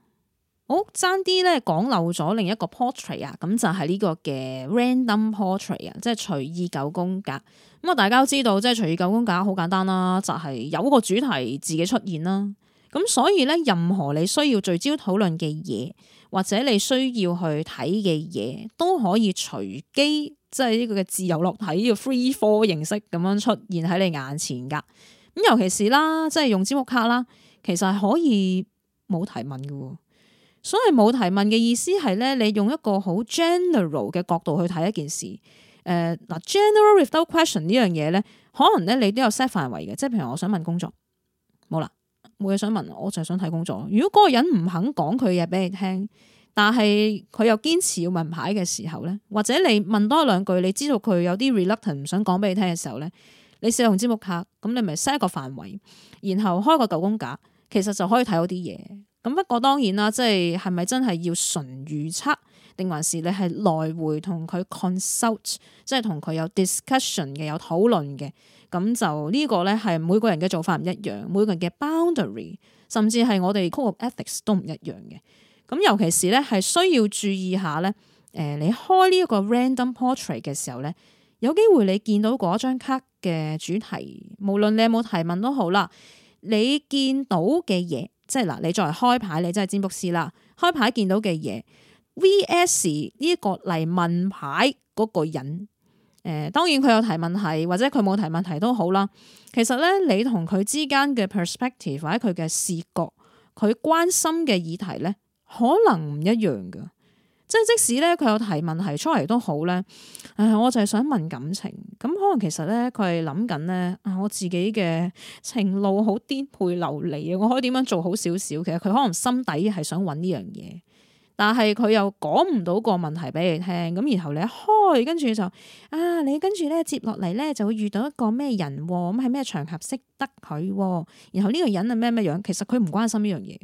好爭啲咧，講、oh? 漏咗另一個 poetry 啊，咁就係、是、呢個嘅 random poetry 啊，即係隨意九宮格。咁我大家都知道，即係隨意九宮格好簡單啦，就係、是、有個主題自己出現啦。咁所以咧，任何你需要聚焦討論嘅嘢，或者你需要去睇嘅嘢，都可以隨機即係呢個嘅自由落體嘅、這個、free fall 形式咁樣出現喺你眼前噶。咁尤其是啦，即係用紙屋卡啦，其實係可以冇提問嘅喎。所以冇提問嘅意思係咧，你用一個好 general 嘅角度去睇一件事。誒、呃，嗱，general without question 呢樣嘢咧，可能咧你都有 set 範圍嘅。即係譬如我想問工作，冇啦，冇嘢想問，我就係想睇工作。如果嗰個人唔肯講佢嘢俾你聽，但係佢又堅持要問牌嘅時候咧，或者你問多兩句，你知道佢有啲 reluctant 唔想講俾你聽嘅時候咧，你試用占卜卡，咁你咪 set 一個範圍，然後開個舊工架，其實就可以睇到啲嘢。咁不過當然啦，即係係咪真係要純預測，定還是你係來回同佢 consult，即係同佢有 discussion 嘅，有討論嘅，咁就呢個咧係每個人嘅做法唔一樣，每個人嘅 boundary，甚至係我哋 code of ethics 都唔一樣嘅。咁尤其是咧係需要注意下咧，誒、呃、你開呢一個 random portrait 嘅時候咧，有機會你見到嗰張卡嘅主題，無論你有冇提問都好啦，你見到嘅嘢。即係嗱，你作為開牌，你真係占卜師啦。開牌見到嘅嘢，V S 呢一個嚟問牌嗰個人，誒、呃，當然佢有提問題，或者佢冇提問題都好啦。其實咧，你同佢之間嘅 perspective 或者佢嘅視覺，佢關心嘅議題咧，可能唔一樣噶。即即使咧，佢有提問題出嚟都好咧。唉，我就係想問感情咁，可能其實咧，佢係諗緊咧，我自己嘅情路好顛沛流離啊，我可以點樣做好少少？其實佢可能心底係想揾呢樣嘢，但係佢又講唔到個問題俾你聽。咁然後你一開，跟住就啊，你跟住咧接落嚟咧就會遇到一個咩人？咁係咩場合識得佢，啊？然後呢個人係咩咩樣？其實佢唔關心呢樣嘢。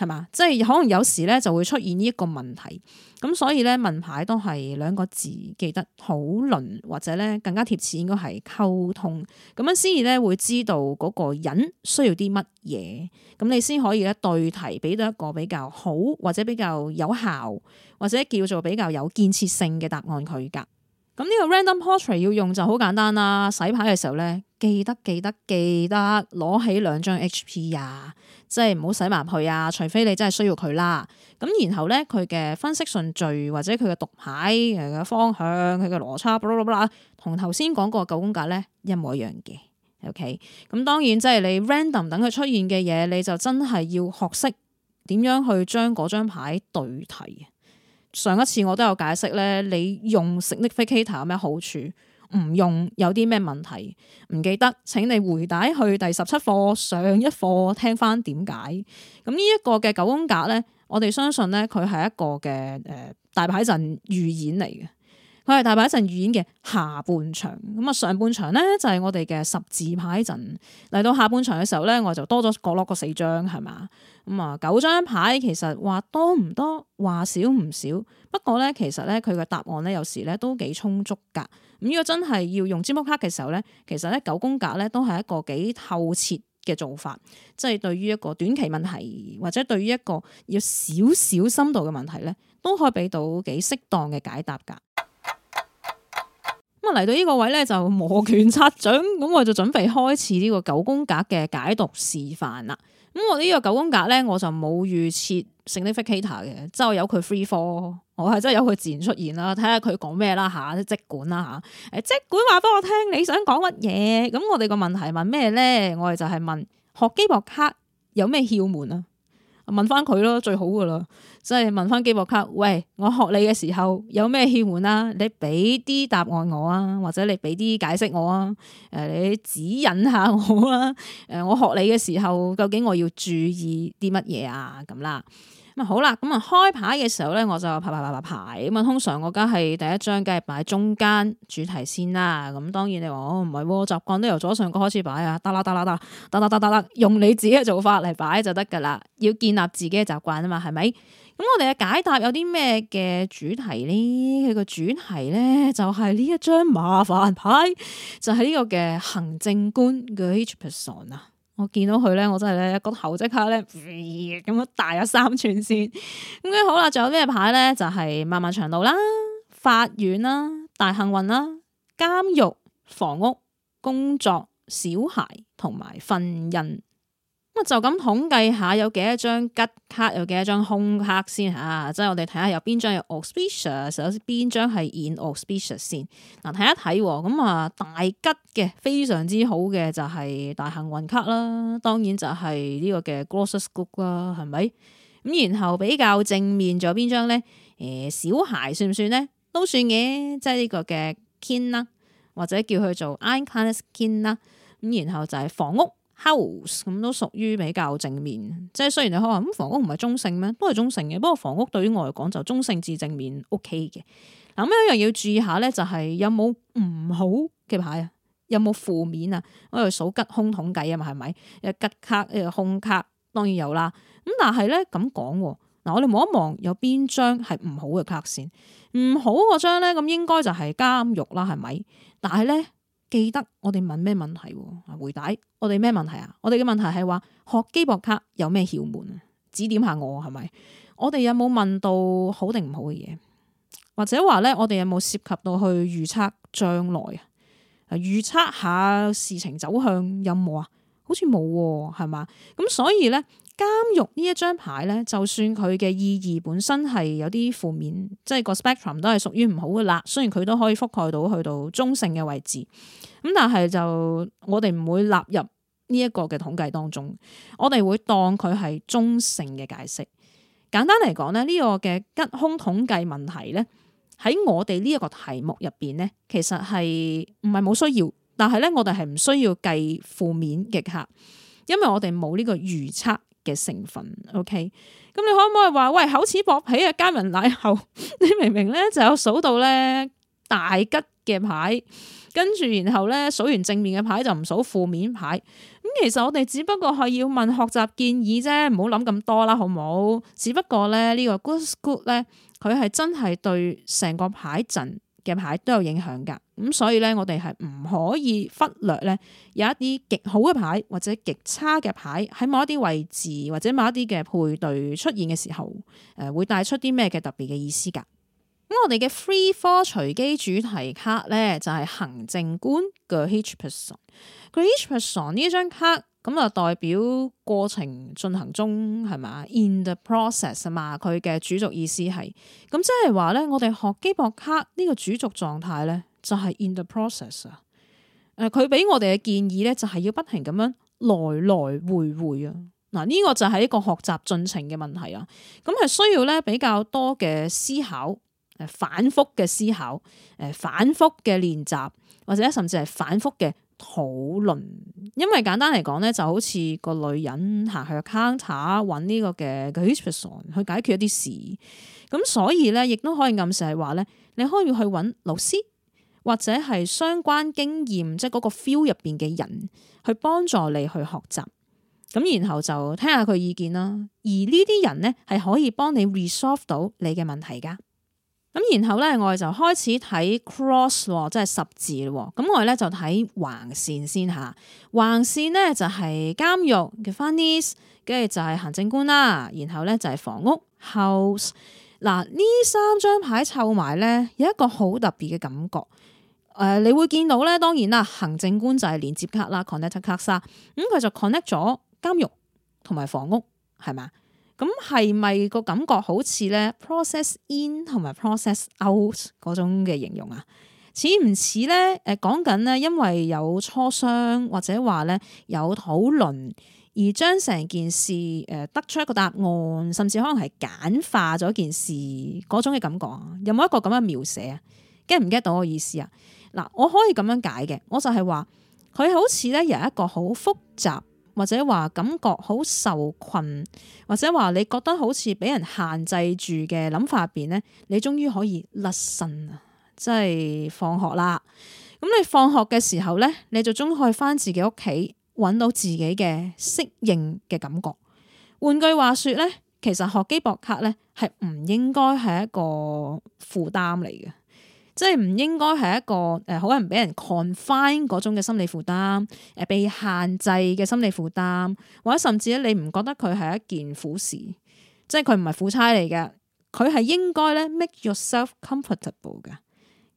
係嘛，即係可能有時咧就會出現呢一個問題，咁所以咧問牌都係兩個字，記得討論或者咧更加貼切應該係溝通，咁樣先至咧會知道嗰個人需要啲乜嘢，咁你先可以咧對題，俾到一個比較好或者比較有效或者叫做比較有建設性嘅答案佢噶。咁呢個 random Portrait 要用就好簡單啦！洗牌嘅時候咧，記得記得記得攞起兩張 HP 啊，即係唔好洗埋去啊，除非你真係需要佢啦。咁然後咧，佢嘅分析順序或者佢嘅讀牌嘅方向、佢嘅邏輯啦，同頭先講個九宮格咧一模一樣嘅。OK，咁當然即係你 random 等佢出現嘅嘢，你就真係要學識點樣去將嗰張牌對題。上一次我都有解釋咧，你用 Significator 有咩好處，唔用有啲咩問題，唔記得，請你回帶去第十七課上一課聽翻點解。咁呢一個嘅九宮格咧，我哋相信咧佢係一個嘅誒大牌陣預演嚟嘅，佢係大牌陣預演嘅下半場。咁啊上半場咧就係我哋嘅十字牌陣，嚟到下半場嘅時候咧，我就多咗角落嗰四張係嘛。咁啊，九張牌其實話多唔多，話少唔少。不過咧，其實咧佢嘅答案咧有時咧都幾充足噶。咁如果真係要用占卜卡嘅時候咧，其實咧九宮格咧都係一個幾透徹嘅做法，即係對於一個短期問題或者對於一個要少少深度嘅問題咧，都可以俾到幾適當嘅解答噶。咁啊嚟到呢個位咧就摩拳擦掌，咁我就準備開始呢個九宮格嘅解讀示範啦。咁我呢個九宮格咧，我就冇預設 significator 嘅，即係由佢 free flow，我係真係由佢自然出現啦，睇下佢講咩啦吓，即管啦、啊、吓，誒、啊，即管話俾我聽你想講乜嘢，咁我哋個問題問咩咧？我哋就係問學基博卡有咩竅門啊？問翻佢咯，最好噶啦，即係問翻機博卡，喂，我學你嘅時候有咩竅門啊？你俾啲答案我啊，或者你俾啲解釋我啊，誒、呃，你指引下我啊，誒、呃，我學你嘅時候究竟我要注意啲乜嘢啊？咁啦。好啦，咁啊開牌嘅時候咧，我就拍、拍、拍、拍、牌。咁啊，通常我家係第一張，梗係擺中間主題先啦。咁當然你話我唔係，我習慣都由左上角開始擺啊。得啦得啦得啦得啦得啦，用你自己嘅做法嚟擺就得噶啦。要建立自己嘅習慣啊嘛，係咪？咁我哋嘅解答有啲咩嘅主題呢？佢、這個主題咧就係、是、呢一張麻煩牌，就係、是、呢個嘅行政官嘅啊。我見到佢咧，我真係咧，個頭即刻咧咁樣大咗三寸先，咁樣好啦。仲有咩牌咧？就係、是、漫漫長路啦、法院啦、大幸運啦、監獄、房屋、工作、小孩同埋婚姻。咁就咁統計下有幾多張吉卡，有幾多張凶卡先吓、啊，即係我哋睇下有邊張係 auspicious，有邊張係 inauspicious 先。嗱、啊，睇一睇咁啊，大吉嘅非常之好嘅就係大幸運卡啦，當然就係呢個嘅 glorious group 啦，係咪？咁然後比較正面仲有邊張呢？誒、呃，小孩算唔算呢？都算嘅，即係呢個嘅 kin 啦，或者叫佢做 eye kind skin 啦。咁然後就係房屋。house 咁都屬於比較正面，即係雖然你可能咁房屋唔係中性咩，都係中性嘅。不過房屋對於我嚟講就中性至正面，OK 嘅。嗱、OK、咁樣又要注意下咧，就係、是、有冇唔好嘅牌啊？有冇負面啊？我哋數吉空統計啊嘛，係咪？吉卡空卡當然有啦。咁但係咧咁講，嗱，我哋望一望有邊張係唔好嘅卡先。唔好嗰張咧咁應該就係監獄啦，係咪？但係咧。記得我哋問咩問題喎、啊？回答：「我哋咩問題啊？我哋嘅問題係話學機博卡有咩竅門啊？指點下我係咪？我哋有冇問到好定唔好嘅嘢？或者話呢，我哋有冇涉及到去預測將來啊？預測下事情走向有冇啊？好似冇喎，係咪？咁所以呢。」監獄呢一張牌咧，就算佢嘅意義本身係有啲負面，即係個 spectrum 都係屬於唔好噶啦。雖然佢都可以覆蓋到去到中性嘅位置，咁但係就我哋唔會納入呢一個嘅統計當中，我哋會當佢係中性嘅解釋。簡單嚟講咧，呢、這個嘅吉凶統計問題咧，喺我哋呢一個題目入邊咧，其實係唔係冇需要，但係咧我哋係唔需要計負面嘅卡，因為我哋冇呢個預測。嘅成分，OK，咁你可唔可以話，喂，厚此薄彼啊？加文奶后， 你明明咧就有數到咧大吉嘅牌，跟住然後咧數完正面嘅牌就唔數負面牌。咁其實我哋只不過係要問學習建議啫，唔好諗咁多啦，好唔好？只不過咧呢、呢個 good good 咧，佢係真係對成個牌陣嘅牌都有影響噶。咁所以咧，我哋係唔可以忽略咧，有一啲極好嘅牌或者極差嘅牌喺某一啲位置或者某一啲嘅配對出現嘅時候，誒、呃、會帶出啲咩嘅特別嘅意思噶。咁我哋嘅 Free 4隨機主題卡咧就係、是、行政官嘅 H Person。Graish Person 呢張卡咁啊，就代表過程進行中係咪？In the process 啊嘛，佢嘅主軸意思係咁，即係話咧，我哋學機博卡呢個主軸狀態咧。就係 in the process 啊！誒，佢俾我哋嘅建議咧，就係要不停咁樣來來回回啊。嗱，呢個就係一個學習進程嘅問題啊。咁係需要咧比較多嘅思考，誒，反覆嘅思考，誒，反覆嘅練習，或者甚至係反覆嘅討論。因為簡單嚟講咧，就好似個女人行去 counter 揾呢個嘅 agent person 去解決一啲事，咁所以咧亦都可以暗示係話咧，你可以去揾老師。或者係相關經驗，即係嗰個 feel 入邊嘅人去幫助你去學習，咁然後就聽下佢意見啦。而呢啲人呢，係可以幫你 resolve 到你嘅問題噶。咁然後呢，我哋就開始睇 cross 即係十字咯。咁我哋咧就睇橫線先吓，橫線呢，就係監獄嘅 furnace，跟住就係行政官啦，然後呢，就係房屋 house。嗱呢三張牌湊埋呢，有一個好特別嘅感覺。誒、呃，你會見到咧，當然啦，行政官就係連接卡啦，connect 卡啦、啊，咁、嗯、佢就 connect 咗監獄同埋房屋，係嘛？咁係咪個感覺好似咧 process in 同埋 process out 嗰種嘅形容啊？似唔似咧？誒講緊呢，因為有磋商或者話咧有討論，而將成件事誒得出一個答案，甚至可能係簡化咗件事嗰種嘅感覺啊？有冇一個咁嘅描寫啊？get 唔 get 到我意思啊？嗱，我可以咁樣解嘅，我就係話佢好似咧有一個好複雜或者話感覺好受困或者話你覺得好似俾人限制住嘅諗法入邊咧，你終於可以甩身啊！即係放學啦，咁你放學嘅時候咧，你就終於可以返自己屋企，揾到自己嘅適應嘅感覺。換句話說咧，其實學機博卡咧係唔應該係一個負擔嚟嘅。即係唔應該係一個誒，好難俾人 confine 嗰種嘅心理負擔，誒、呃、被限制嘅心理負擔，或者甚至咧你唔覺得佢係一件苦事，即係佢唔係苦差嚟嘅，佢係應該咧 make yourself comfortable 嘅。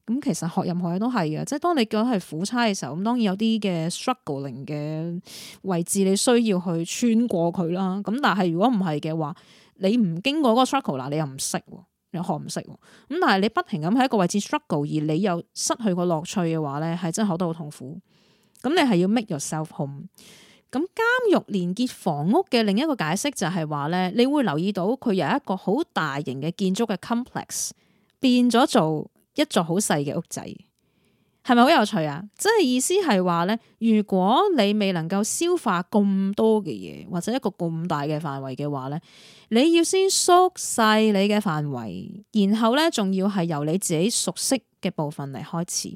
咁其實學任何嘢都係嘅，即係當你覺得係苦差嘅時候，咁當然有啲嘅 struggling 嘅位置你需要去穿過佢啦。咁但係如果唔係嘅話，你唔經過嗰個 struggle 嗱，你又唔識喎。你學唔識，咁但係你不停咁喺一個位置 struggle，而你又失去個樂趣嘅話咧，係真係學得好痛苦。咁你係要 make yourself home。咁監獄連結房屋嘅另一個解釋就係話咧，你會留意到佢由一個好大型嘅建築嘅 complex 變咗做一座好細嘅屋仔。係咪好有趣啊？即係意思係話呢，如果你未能夠消化咁多嘅嘢，或者一個咁大嘅範圍嘅話呢，你要先縮細你嘅範圍，然後呢，仲要係由你自己熟悉嘅部分嚟開始。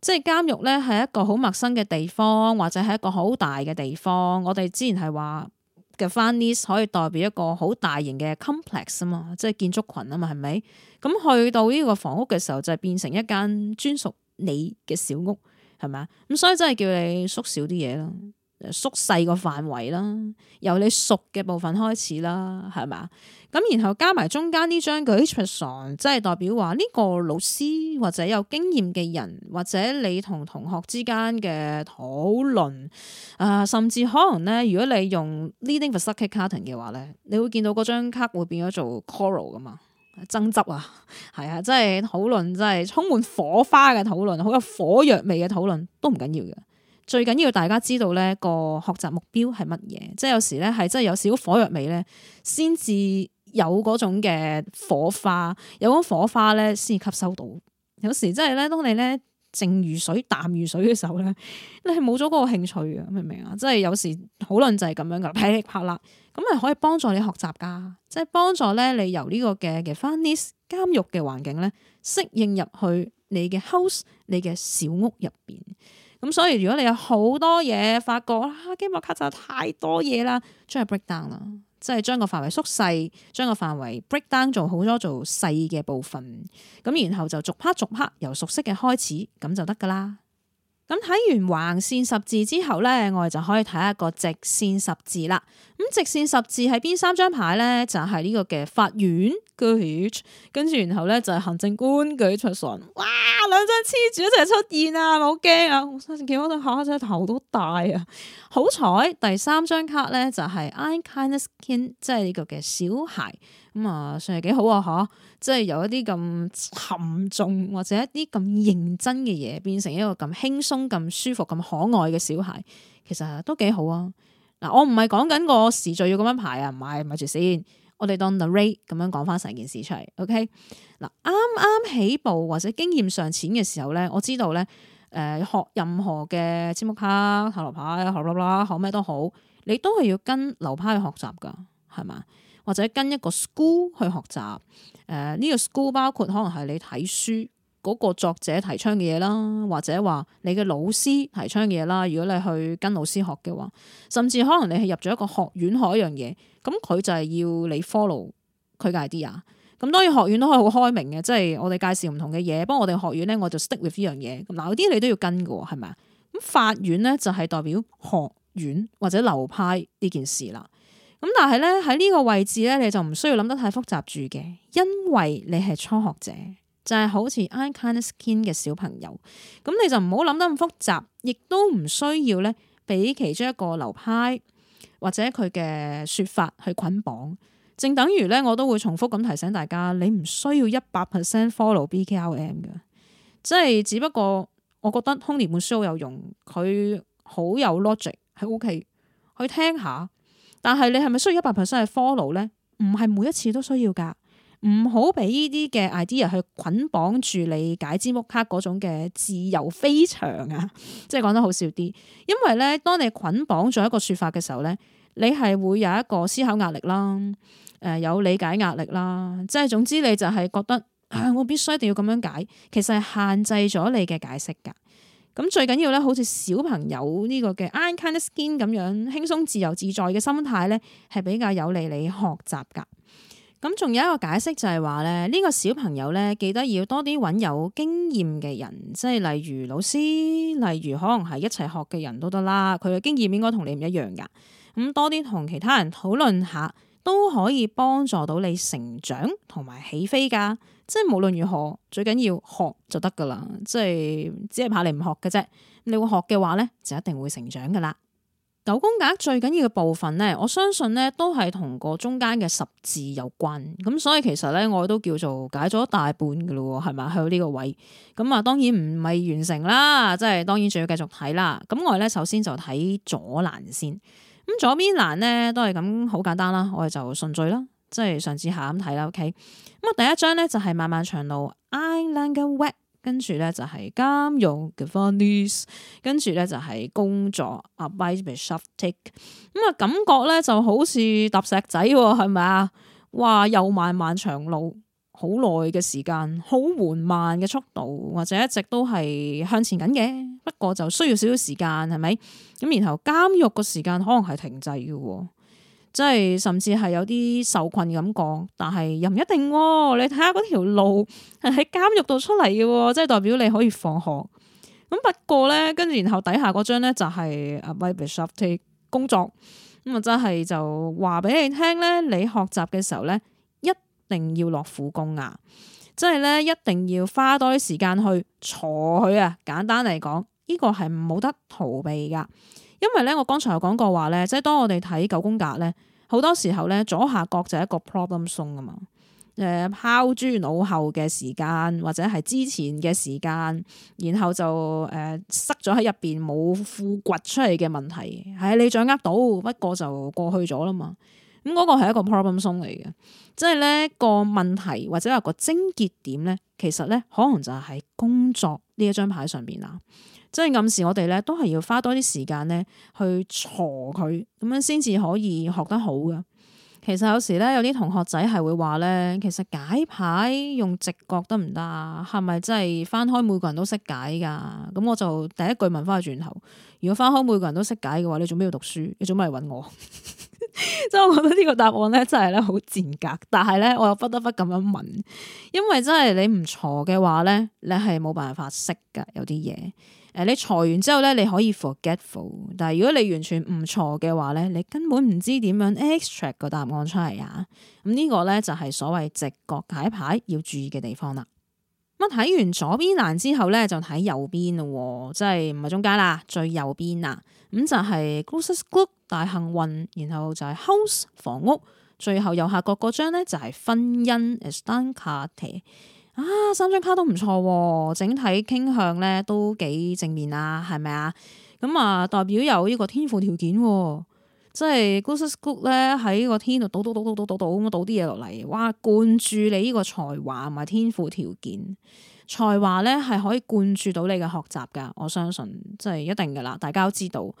即係監獄呢，係一個好陌生嘅地方，或者係一個好大嘅地方。我哋之前係話嘅 funny 可以代表一個好大型嘅 complex 啊嘛，即係建築群啊嘛，係咪？咁去到呢個房屋嘅時候，就變成一間專屬。你嘅小屋係咪？咁所以真係叫你縮少啲嘢囉，縮細個範圍啦，由你熟嘅部分開始啦，係咪？咁然後加埋中間呢張嘅 H person，即係代表話呢個老師或者有經驗嘅人，或者你同同學之間嘅討論啊，甚至可能咧，如果你用 leading for study carton 嘅話咧，你會見到嗰張卡會變咗做 coral 噶嘛。爭執啊，係啊，真係討論，真係充滿火花嘅討論，好有火藥味嘅討論都唔緊要嘅。最緊要大家知道咧個學習目標係乜嘢，即係有時咧係真係有少少火藥味咧，先至有嗰種嘅火花，有嗰種火花咧先吸收到。有時真係咧，當你咧靜如水，淡如水嘅時候咧，你係冇咗嗰個興趣嘅，明唔明啊？即係有時討論就係咁樣噶噼里啪啦。咁係可以幫助你學習噶，即係幫助咧你由呢個嘅嘅 furnish 監獄嘅環境咧適應入去你嘅 house 你嘅小屋入邊。咁所以如果你有好多嘢，發覺啦，積、啊、木卡就太多嘢啦，將佢 break down 啦，即係將個範圍縮細，將個範圍 break down 做好多做細嘅部分。咁然後就逐 part 逐 part 由熟悉嘅開始，咁就得噶啦。咁睇完橫線十字之後咧，我哋就可以睇一個直線十字啦。咁直線十字係邊三張牌咧？就係、是、呢個嘅法院個 hit，跟住然後咧就係行政官舉出信。哇，兩張黐住一齊出現可可啊！好驚啊！我見我只吓，只頭都大啊！好彩第三張卡咧就係 I kindness of kin，即係呢個嘅小孩。咁啊、嗯，算係幾好啊，吓！即係由一啲咁沉重或者一啲咁認真嘅嘢，變成一個咁輕鬆、咁舒服、咁可愛嘅小孩，其實都幾好啊！嗱，我唔係講緊個時序要咁樣排 Ray，樣、okay？啊，唔係，咪住先，我哋當 the rate 咁樣講翻成件事出嚟，OK？嗱，啱啱起步或者經驗尚淺嘅時候咧，我知道咧，誒、呃，學任何嘅鉛筆派、下落派、下啦、學咩都好，你都係要跟流派去學習噶，係嘛？或者跟一個 school 去學習，誒、呃、呢、這個 school 包括可能係你睇書嗰、那個作者提倡嘅嘢啦，或者話你嘅老師提倡嘅嘢啦。如果你去跟老師學嘅話，甚至可能你係入咗一個學院學一樣嘢，咁佢就係要你 follow 佢嘅 idea。咁當然學院都可以好開明嘅，即、就、係、是、我哋介紹唔同嘅嘢，不過我哋學院呢，我就 stick with 呢樣嘢。嗱，有啲你都要跟㗎，係咪啊？咁法院呢，就係代表學院或者流派呢件事啦。咁但係咧喺呢個位置咧，你就唔需要諗得太複雜住嘅，因為你係初學者，就係、是、好似 I k i n Skin 嘅小朋友咁，你就唔好諗得咁複雜，亦都唔需要咧俾其中一個流派或者佢嘅說法去捆綁。正等於咧，我都會重複咁提醒大家，你唔需要一百 percent follow B K L M 嘅，即係只不過我覺得空田本書好有用，佢好有 logic 喺屋、OK，企去聽下。但係你係咪需要一百 percent 嘅 follow 咧？唔係每一次都需要噶，唔好俾呢啲嘅 idea 去捆綁住你解字幕卡嗰種嘅自由飛翔啊！即係講得好笑啲，因為咧當你捆綁咗一個說法嘅時候咧，你係會有一個思考壓力啦，誒有理解壓力啦，即係總之你就係覺得啊我必須一定要咁樣解，其實係限制咗你嘅解釋噶。咁最緊要咧，好似小朋友呢個嘅 I kind of skin 咁樣，輕鬆自由自在嘅心態咧，係比較有利你學習噶。咁仲有一個解釋就係話咧，呢個小朋友咧，記得要多啲揾有經驗嘅人，即係例如老師，例如可能係一齊學嘅人都得啦。佢嘅經驗應該同你唔一樣噶。咁多啲同其他人討論下。都可以幫助到你成長同埋起飛噶，即係無論如何，最緊要學就得噶啦，即係只係怕你唔學嘅啫。你會學嘅話呢，就一定會成長噶啦。九宮格最緊要嘅部分呢，我相信呢都係同個中間嘅十字有關。咁所以其實呢，我都叫做解咗大半噶咯，係咪去到呢個位。咁啊，當然唔係完成啦，即係當然仲要繼續睇啦。咁我哋呢，首先就睇左欄先。咁左邊欄咧都係咁好簡單啦，我哋就順序啦，即係上至下咁睇啦，OK。咁啊，第一張咧就係、是、漫漫長路，I'm getting wet，跟住咧就係金融的 funny，跟住咧就係、是、工作，A bit 被 shift take。咁啊，感覺咧就好似揼石仔喎、啊，係咪啊？哇，又漫漫長路，好耐嘅時間，好緩慢嘅速度，或者一直都係向前緊嘅。不過就需要少少時間係咪？咁然後監獄個時間可能係停滯嘅，即係甚至係有啲受困咁講。但係又唔一定，你睇下嗰條路係喺監獄度出嚟嘅，即係代表你可以放學。咁不過咧，跟住然後底下嗰張咧就係啊，vibes shop 啲工作咁啊，真係就話俾你聽咧，你學習嘅時候咧，一定要落苦功啊！即係咧，一定要花多啲時間去坐佢啊。簡單嚟講。呢個係冇得逃避噶，因為咧，我剛才有講過話咧，即係當我哋睇九宮格咧，好多時候咧，左下角就係一個 problem zone 啊嘛，誒，拋諸腦後嘅時間或者係之前嘅時間，然後就誒、呃、塞咗喺入邊冇枯掘出嚟嘅問題，係你掌握到，不過就過去咗啦嘛。咁、那、嗰個係一個 problem zone 嚟嘅，即係咧個問題或者話個癥結點咧，其實咧可能就係工作呢一張牌上邊啦。即係暗示我哋咧，都係要花多啲時間咧，去鋤佢咁樣，先至可以學得好噶。其實有時咧，有啲同學仔係會話咧，其實解牌用直覺得唔得啊？係咪真係翻開每個人都識解噶？咁我就第一句問翻佢轉頭，如果翻開每個人都識解嘅話，你做咩要讀書？你做咩嚟搵我？即 係 我覺得呢個答案咧，真係咧好賤格。但係咧，我又不得不咁樣問，因為真係你唔鋤嘅話咧，你係冇辦法識噶有啲嘢。誒你錯完之後咧，你可以 forgetful，但係如果你完全唔錯嘅話咧，你根本唔知點樣 extract 個答案出嚟啊！咁、這、呢個咧就係所謂直覺解牌要注意嘅地方啦。咁睇完左邊欄之後咧，就睇右邊咯，即係唔係中間啦，最右邊啦。咁就係 Grosses Glück 大幸運，然後就係 house 房屋，最後右下角嗰張咧就係婚姻 Ehestand 啊，三張卡都唔錯，整體傾向咧都幾正面啊，係咪啊？咁啊，代表有呢個天賦條件，即係 Goodness Good 咧喺個天度倒倒倒倒倒倒倒咁倒啲嘢落嚟，哇！灌注你呢個才華同埋天賦條件，才華咧係可以灌注到你嘅學習噶，我相信即係一定噶啦，大家都知道。咁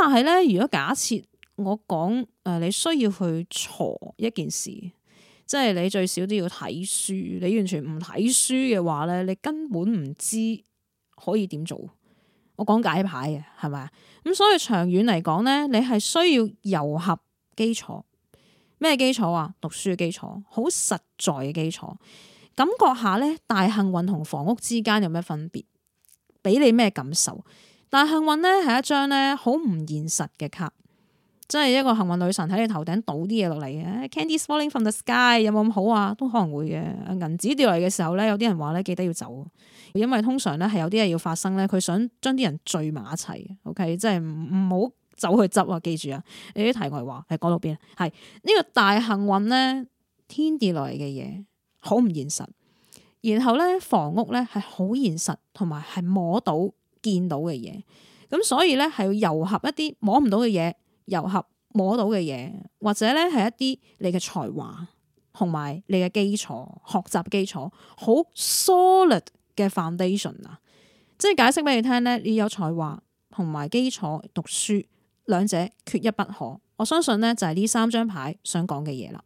但係咧，如果假設我講誒你需要去挫一件事。即係你最少都要睇書，你完全唔睇書嘅話咧，你根本唔知可以點做。我講解牌嘅，係咪啊？咁所以長遠嚟講咧，你係需要游合基礎，咩基礎啊？讀書嘅基礎，好實在嘅基礎。感覺下咧大幸運同房屋之間有咩分別？俾你咩感受？大幸運咧係一張咧好唔現實嘅卡。真係一個幸運女神喺你頭頂倒啲嘢落嚟嘅。Candy falling from the sky 有冇咁好啊？都可能會嘅。銀紙掉嚟嘅時候咧，有啲人話咧，記得要走，因為通常咧係有啲嘢要發生咧，佢想將啲人聚埋一齊。OK，即係唔好走去執啊！記住啊，你啲題外話係講到邊？係呢個大幸運咧，天跌落嚟嘅嘢好唔現實，然後咧房屋咧係好現實，同埋係摸到見到嘅嘢，咁所以咧係要糅合一啲摸唔到嘅嘢。遊俠摸到嘅嘢，或者咧係一啲你嘅才華，同埋你嘅基礎學習基礎，好 solid 嘅 foundation 啊！即係解釋俾你聽呢，你有才華同埋基礎，讀書兩者缺一不可。我相信呢就係呢三張牌想講嘅嘢啦。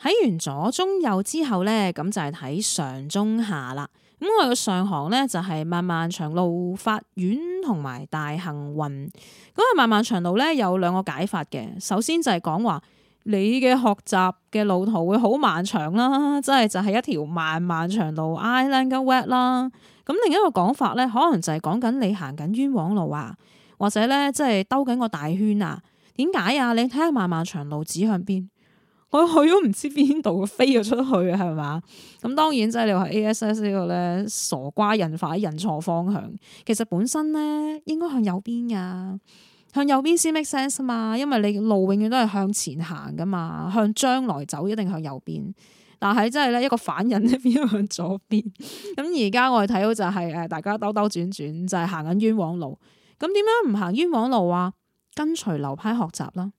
睇完左中右之後呢，咁就係睇上中下啦。咁我嘅上行呢，就係漫漫長路法院同埋大幸運。咁啊，漫漫長路呢，有兩個解法嘅。首先就係講話你嘅學習嘅路途會好漫長啦，即係就係、是、一條漫漫長路 island wide 啦。咁另一個講法呢，可能就係講緊你行緊冤枉路啊，或者呢，即係兜緊個大圈啊。點解啊？你睇下漫漫長路指向邊？我去咗唔知邊度，飛咗出去係嘛？咁當然即係你話 A S S 呢個咧傻瓜引化，引錯方向。其實本身咧應該向右邊噶，向右邊先 make sense 啊嘛。因為你路永遠都係向前行噶嘛，向將來走一定向右邊。但係真係咧一個反引咧偏向左邊。咁而家我哋睇到就係、是、誒，大家兜兜轉轉就係行緊冤枉路。咁點樣唔行冤枉路啊？跟隨流派學習啦。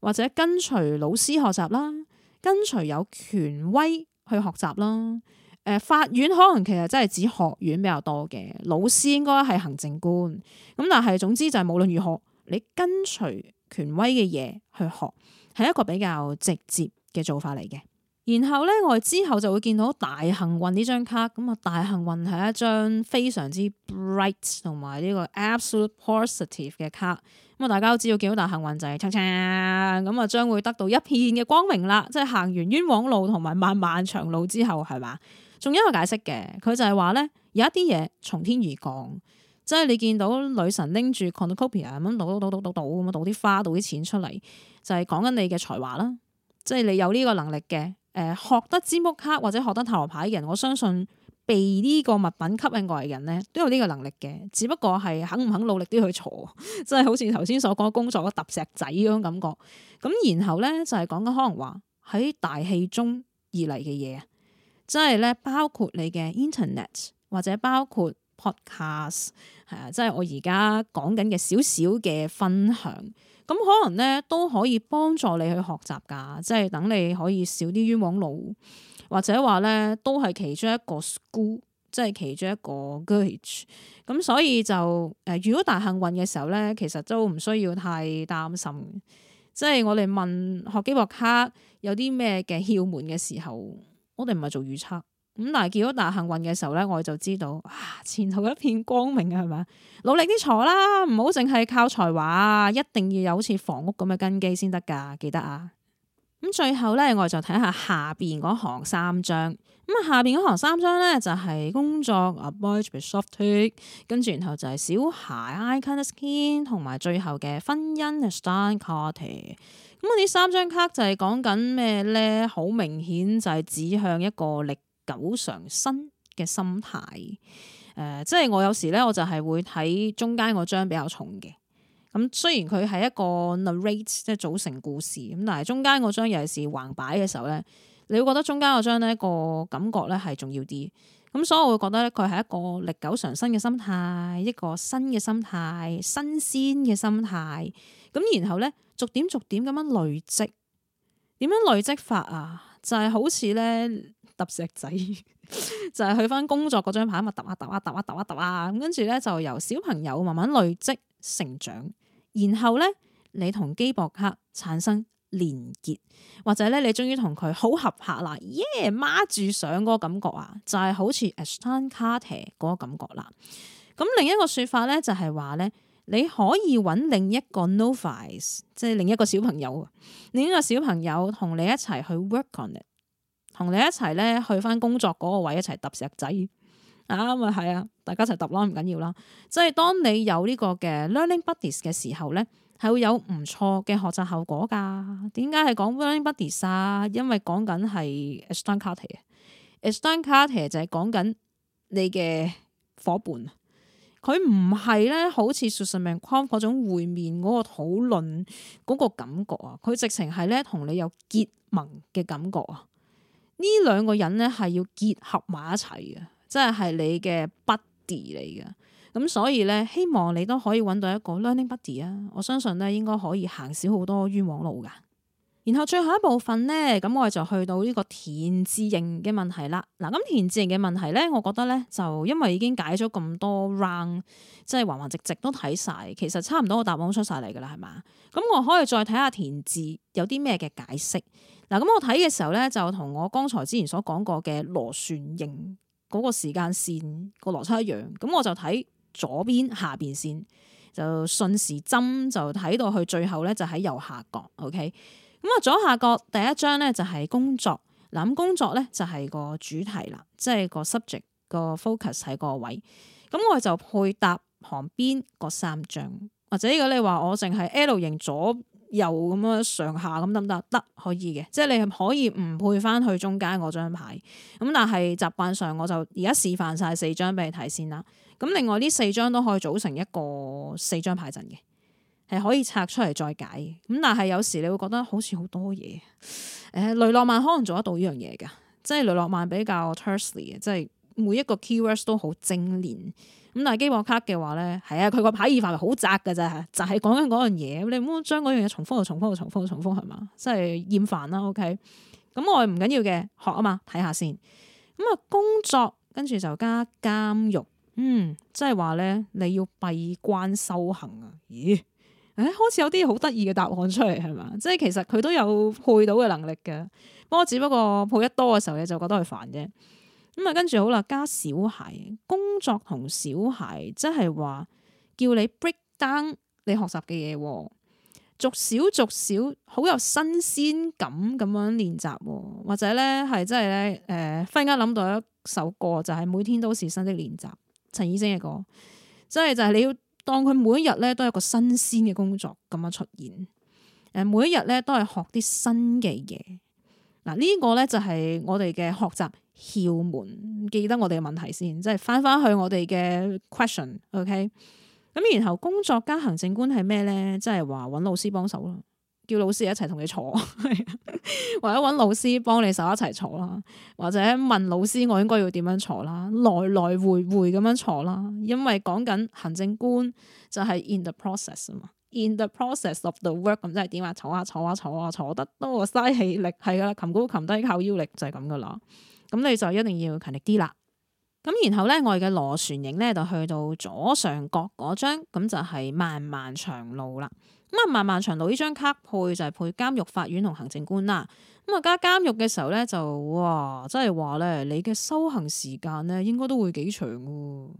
或者跟隨老師學習啦，跟隨有權威去學習啦。誒、呃，法院可能其實真係指學院比較多嘅老師，應該係行政官。咁但係總之就係無論如何，你跟隨權威嘅嘢去學，係一個比較直接嘅做法嚟嘅。然後呢，我哋之後就會見到大幸運呢張卡。咁、嗯、啊，大幸運係一張非常之 bright 同埋呢個 absolute positive 嘅卡。咁大家都知道，幾好大幸運仔，噌噌咁啊，將會得到一片嘅光明啦。即係行完冤枉路同埋漫漫長路之後，係嘛？仲有一個解釋嘅，佢就係話呢有一啲嘢從天而降，即係你見到女神拎住 cornucopia 咁倒倒啲花，倒啲錢出嚟，就係講緊你嘅才華啦。即係你有呢個能力嘅，誒學得占卜卡或者學得塔羅牌嘅人，我相信。被呢個物品吸引外人咧，都有呢個能力嘅，只不過係肯唔肯努力啲去嘈，即 係好似頭先所講工作嘅揼石仔嗰種感覺。咁、嗯、然後咧就係講緊可能話喺大氣中而嚟嘅嘢，即係咧包括你嘅 Internet 或者包括 Podcast，係啊，即係我而家講緊嘅少少嘅分享，咁可能咧都可以幫助你去學習㗎，即係等你可以少啲冤枉路。或者話咧，都係其中一個 school，即係其中一個 grade。咁所以就誒、呃，如果大幸運嘅時候咧，其實都唔需要太擔心。即係我哋問學機博卡有啲咩嘅竅門嘅時候，我哋唔係做預測。咁但係見到大幸運嘅時候咧，我就知道啊，前途一片光明啊，係咪啊？努力啲坐啦，唔好淨係靠才華啊！一定要有好似房屋咁嘅根基先得㗎，記得啊！咁最後咧，我哋就睇下下邊嗰行三張。咁啊，下邊嗰行三張咧，就係、是、工作啊，boy to be softie，跟住然後就係小孩 icon skin，同埋最後嘅婚姻 stand court。咁啊，呢三張卡就係講緊咩咧？好明顯就係指向一個歷久常新嘅心態。誒、呃，即係我有時咧，我就係會睇中間嗰張比較重嘅。咁雖然佢係一個 narrate，即係組成故事咁，但係中間嗰張尤其是橫擺嘅時候咧，你會覺得中間嗰張咧個感覺咧係重要啲。咁所以我會覺得咧，佢係一個歷久常新嘅心態，一個新嘅心態，新鮮嘅心態。咁然後咧，逐點逐點咁樣累積，點樣累積法啊？就係、是、好似咧揼石仔， 就係去翻工作嗰張牌嘛，揼啊揼啊揼啊揼啊揼啊，咁跟住咧就由小朋友慢慢累積成長。然後咧，你同基博克產生連結，或者咧，你終於同佢好合拍啦，耶！孖住上嗰個感覺啊，就係、是、好似 Aston Carter 嗰個感覺啦。咁另一個説法咧，就係話咧，你可以揾另一個 novice，即係另一個小朋友，另一個小朋友同你一齊去 work on it，同你一齊咧去返工作嗰個位一齊揼石仔。啊，咪係啊！大家一齊揼咯，唔緊要啦。即係當你有呢個嘅 learning buddies 嘅時候咧，係會有唔錯嘅學習效果噶。點解係講 learning buddies 啊？因為講緊係 student card 啊，student card 就係講緊你嘅夥伴。佢唔係咧，好似 sustainable conference 嗰種會面嗰個討論嗰個感覺啊。佢直情係咧，同你有結盟嘅感覺啊。呢兩個人咧係要結合埋一齊嘅。即係係你嘅 buddy 嚟嘅，咁所以呢，希望你都可以揾到一個 learning buddy 啊。我相信呢應該可以行少好多冤枉路噶。然後最後一部分呢，咁我哋就去到呢個田字形嘅問題啦。嗱，咁田字形嘅問題呢，我覺得呢就因為已經解咗咁多 round，即係橫橫直直都睇晒，其實差唔多個答案都出晒嚟噶啦，係嘛？咁我可以再睇下田字有啲咩嘅解釋嗱。咁我睇嘅時候呢，就同我剛才之前所講過嘅螺旋形。嗰個時間線個邏輯一樣，咁我就睇左邊下邊線，就順時針就睇到去最後咧，就喺右下角，OK。咁啊左下角第一張咧就係工作，諗工作咧就係個主題啦，即係個 subject 個 focus 喺嗰個位。咁我哋就配搭旁邊嗰三張，或者如果你話我淨係 L 型左。有咁樣上下咁得唔得？得，可以嘅，即係你係可以唔配翻去中間嗰張牌。咁但係習慣上我就而家示範晒四張俾你睇先啦。咁另外呢四張都可以組成一個四張牌陣嘅，係可以拆出嚟再解。咁但係有時你會覺得好似好多嘢。誒、呃、雷諾曼可能做得到呢樣嘢㗎，即係雷諾曼比較 terse 嘅，即係。每一個 keywords 都好精煉，咁但係機博卡嘅話咧，係啊，佢個牌意範圍好窄噶咋，就係講緊嗰樣嘢，你唔好將嗰樣嘢重複度重複度重複重複係嘛，即係厭煩啦。OK，咁我唔緊要嘅，學啊嘛，睇下先。咁啊，工作跟住就加監獄，嗯，即係話咧，你要閉關修行啊？咦，誒、欸，開始有啲好得意嘅答案出嚟，係嘛？即係其實佢都有配到嘅能力嘅，不過只不過配得多嘅時候，你就覺得佢煩啫。咁啊，跟住好啦，加小孩工作同小孩，即係話叫你 break down 你學習嘅嘢，逐少逐少，好有新鮮感咁樣練習，或者咧係真係咧，誒忽然間諗到一首歌，就係、是、每天都是新的練習，陳醫生嘅歌，即係就係你要當佢每一日咧都有一個新鮮嘅工作咁樣出現，誒每一日咧都係學啲新嘅嘢，嗱呢、這個咧就係我哋嘅學習。竅門記得我哋嘅問題先，即係返返去我哋嘅 question，OK？Okay? 咁然後工作加行政官係咩呢？即係話揾老師幫手咯，叫老師一齊同你坐， 或者揾老師幫你手一齊坐啦，或者問老師我應該要點樣坐啦，來來回回咁樣坐啦。因為講緊行政官就係 in the process 啊嘛，in the process of the work 咁即係點啊？坐啊坐啊坐啊坐得多嘥氣力，係啊，擒高擒低靠腰力就係咁噶啦。咁你就一定要勤力啲啦。咁然後咧，我哋嘅螺旋影咧就去到左上角嗰張，咁就係漫漫長路啦。咁啊，漫漫長路呢張卡配就係配監獄、法院同行政官啦。咁啊，加監獄嘅時候咧，就哇，真係話咧，你嘅修行時間咧應該都會幾長嘅，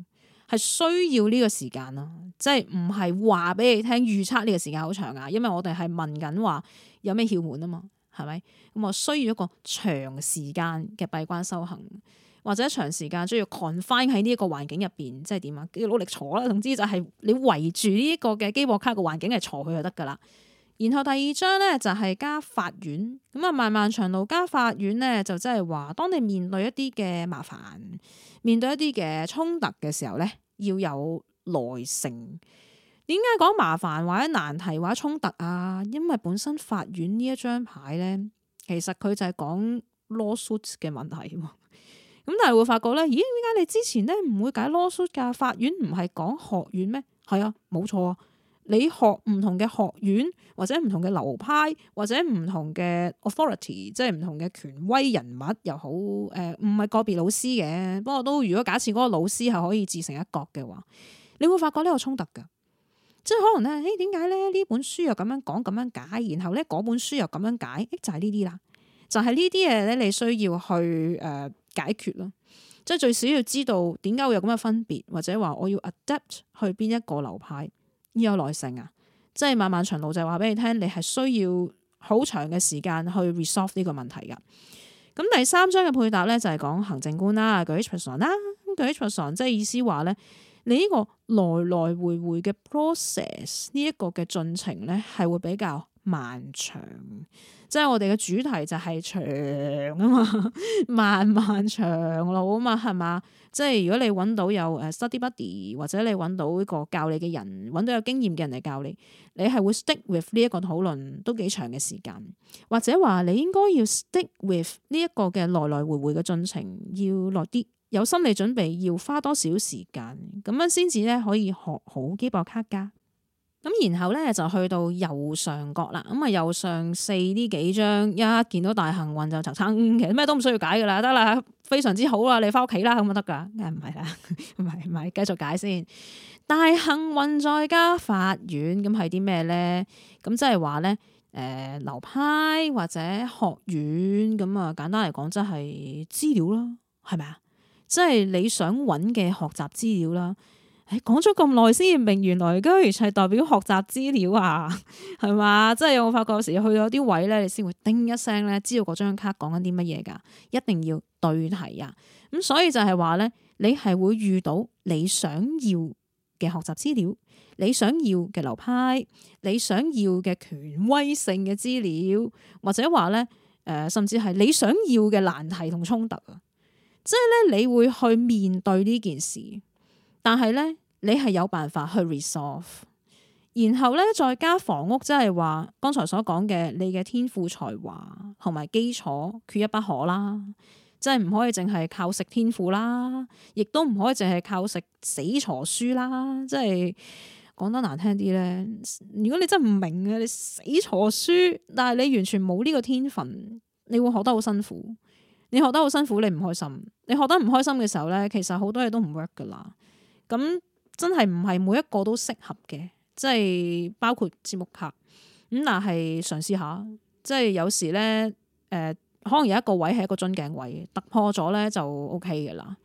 係需要呢個時間啊。即係唔係話俾你聽預測呢個時間好長啊，因為我哋係問緊話有咩竅門啊嘛。係咪，咁我需要一個長時間嘅閉關修行，或者長時間需要 confine 喺呢一個環境入邊，即係點啊？要努力坐啦，總之就係你圍住呢一個嘅機臥卡個環境嚟坐佢就得噶啦。然後第二章咧就係、是、加法院咁啊，漫漫長路加法院咧就即係話，當你面對一啲嘅麻煩，面對一啲嘅衝突嘅時候咧，要有耐性。點解講麻煩或者難題或者衝突啊？因為本身法院一張呢一張牌咧，其實佢就係講 law suit 嘅問題，啊。咁但係會發覺咧，咦？點解你之前咧唔會解 law suit 噶？法院唔係講學院咩？係啊，冇錯啊。你學唔同嘅學院或者唔同嘅流派或者唔同嘅 authority，即係唔同嘅權威人物又好，誒、呃，唔係個別老師嘅。不過都如果假設嗰個老師係可以自成一角嘅話，你會發覺呢個衝突噶。即係可能咧，誒、欸，點解咧？呢本書又咁樣講咁樣解，然後咧嗰本書又咁樣解，誒、就是，就係呢啲啦，就係呢啲嘢咧，你需要去誒、呃、解決咯。即係最少要知道點解會有咁嘅分別，或者話我要 adapt 去邊一個流派，要有耐性啊。即係漫漫長路，就係話俾你聽，你係需要好長嘅時間去 resolve 呢個問題噶。咁第三章嘅配搭咧，就係、是、講行政官啦，舉出常啦，舉出常，即係意思話咧。你呢個來來回回嘅 process，呢一個嘅進程咧，係會比較漫長。即係我哋嘅主題就係長啊嘛，漫漫長路啊嘛，係嘛？即係如果你揾到有誒 study buddy，或者你揾到一個教你嘅人，揾到有經驗嘅人嚟教你，你係會 stick with 呢一個討論都幾長嘅時間，或者話你應該要 stick with 呢一個嘅來來回回嘅進程，要耐啲。有心理準備，要花多少時間咁樣先至咧可以學好基博卡㗎。咁，然後咧就去到右上角啦。咁啊，右上四呢幾張，一見到大幸運就就撐，其實咩都唔需要解噶啦，得啦，非常之好、哎、啦，你翻屋企啦咁啊得噶，唔係啦，唔係唔係，繼續解先。大幸運再加法院咁係啲咩咧？咁即係話咧，誒，流、呃、派或者學院咁啊，簡單嚟講，即係資料囉，係咪啊？即係你想揾嘅學習資料啦，講咗咁耐先明，原來居家係代表學習資料啊，係嘛？即係我發覺有時去到啲位咧，你先會叮一聲咧，知道嗰張卡講緊啲乜嘢噶？一定要對題啊！咁所以就係話咧，你係會遇到你想要嘅學習資料，你想要嘅流派，你想要嘅權威性嘅資料，或者話咧，誒、呃，甚至係你想要嘅難題同衝突啊！即係咧，你會去面對呢件事，但係咧，你係有辦法去 resolve。然後咧，再加房屋，即係話剛才所講嘅，你嘅天賦才華同埋基礎缺一不可啦。即係唔可以淨係靠食天賦啦，亦都唔可以淨係靠食死坐書啦。即係講得難聽啲咧，如果你真係唔明啊，你死坐書，但係你完全冇呢個天分，你會學得好辛苦，你學得好辛苦，你唔開心。你學得唔開心嘅時候呢，其實好多嘢都唔 work 噶啦。咁真係唔係每一個都適合嘅，即係包括節目卡。咁但係嘗試下，即係有時呢，誒、呃，可能有一個位係一個樽頸位，突破咗呢就 OK 噶啦。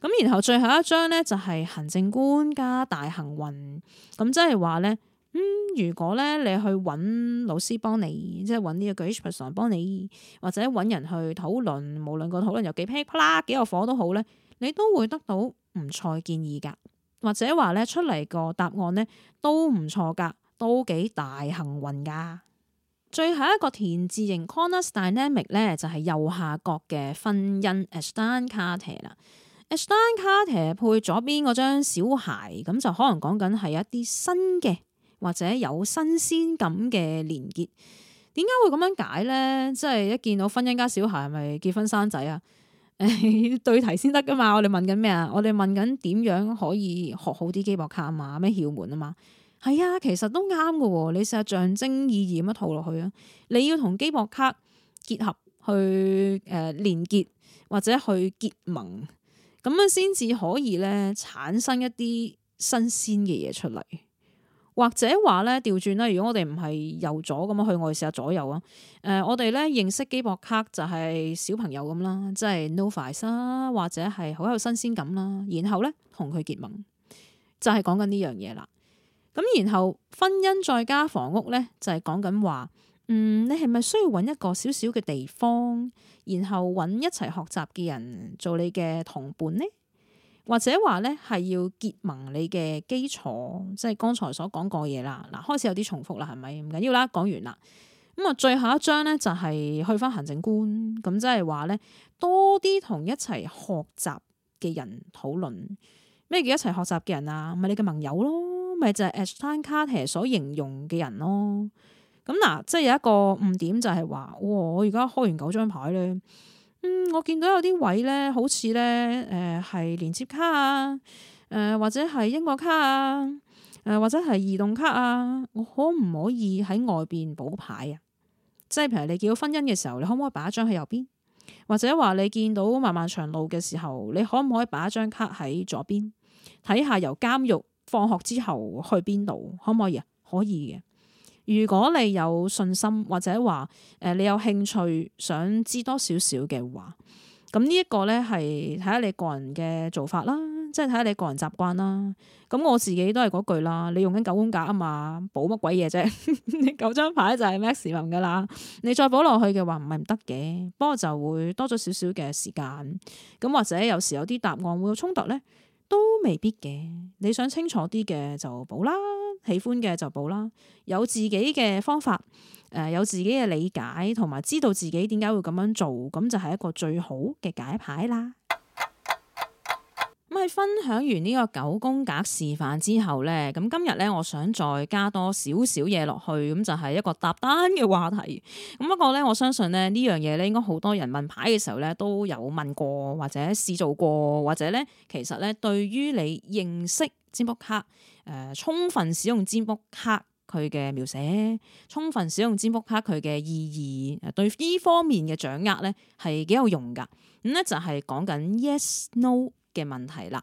咁然後最後一張呢，就係、是、行政官加大行運，咁即係話呢。嗯、如果咧，你去揾老師幫你，即係揾呢一個 expert 幫你，或者揾人去討論，無論個討論有幾啪啦幾有火都好咧，你都會得到唔錯建議㗎。或者話咧出嚟個答案呢都唔錯㗎，都幾大幸運㗎。最後一個填字型 corner dynamic 咧就係右下角嘅婚姻 aston 卡塔啦 aston 卡塔配左邊嗰張小孩咁就可能講緊係一啲新嘅。或者有新鮮感嘅連結，點解會咁樣解呢？即係一見到婚姻家小孩，係咪結婚生仔啊？誒， 對題先得噶嘛！我哋問緊咩啊？我哋問緊點樣可以學好啲基博卡嘛？咩竅門啊？嘛係啊，其實都啱噶、哦。你成日象徵意義咁樣套落去啊！你要同基博卡結合去誒、呃、連結，或者去結盟，咁樣先至可以咧產生一啲新鮮嘅嘢出嚟。或者話咧調轉啦，如果我哋唔係右咗咁啊，去我哋試下左右啊。誒、呃，我哋咧認識機博卡就係小朋友咁啦，即係 novice 或者係好有新鮮感啦。然後咧同佢結盟，就係講緊呢樣嘢啦。咁然後婚姻再加房屋咧，就係講緊話，嗯，你係咪需要揾一個少少嘅地方，然後揾一齊學習嘅人做你嘅同伴呢？或者話咧，係要結盟你嘅基礎，即係剛才所講過嘢啦。嗱，開始有啲重複啦，係咪？唔緊要啦，講完啦。咁啊，最後一張咧就係去翻行政官，咁即係話咧，多啲同一齊學習嘅人討論。咩叫一齊學習嘅人啊？咪、就是、你嘅盟友咯，咪就係、是、Ashton Carter 所形容嘅人咯。咁嗱，即係有一個誤點就係話，嘩，我而家開完九張牌咧。嗯，我見到有啲位咧，好似咧，誒、呃、係連接卡啊，誒、呃、或者係英國卡啊，誒、呃、或者係移動卡啊，我可唔可以喺外邊補牌啊？即係譬如你見到婚姻嘅時候，你可唔可以擺一張喺右邊？或者話你見到漫漫長路嘅時候，你可唔可以擺一張卡喺左邊？睇下由監獄放學之後去邊度，可唔可以啊？可以嘅。如果你有信心或者話誒你有興趣想知多少少嘅話，咁呢一個咧係睇下你個人嘅做法啦，即係睇下你個人習慣啦。咁我自己都係嗰句啦，你用緊九宮格啊嘛，補乜鬼嘢啫？你九張牌就係 max limit 噶啦，你再補落去嘅話唔係唔得嘅，不過就會多咗少少嘅時間。咁或者有時有啲答案會有衝突咧。都未必嘅，你想清楚啲嘅就補啦，喜歡嘅就補啦，有自己嘅方法，誒，有自己嘅理解，同埋知道自己點解會咁樣做，咁就係一個最好嘅解牌啦。咁喺分享完呢個九宮格示範之後咧，咁今日咧，我想再加多少少嘢落去，咁就係、是、一個搭單嘅話題。咁不過咧，我相信咧呢樣嘢咧，應該好多人問牌嘅時候咧都有問過，或者試做過，或者咧其實咧對於你認識占卜卡誒、呃，充分使用占卜卡佢嘅描寫，充分使用占卜卡佢嘅意義，對呢方面嘅掌握咧係幾有用噶。咁、嗯、咧就係講緊 yes no。嘅問題啦，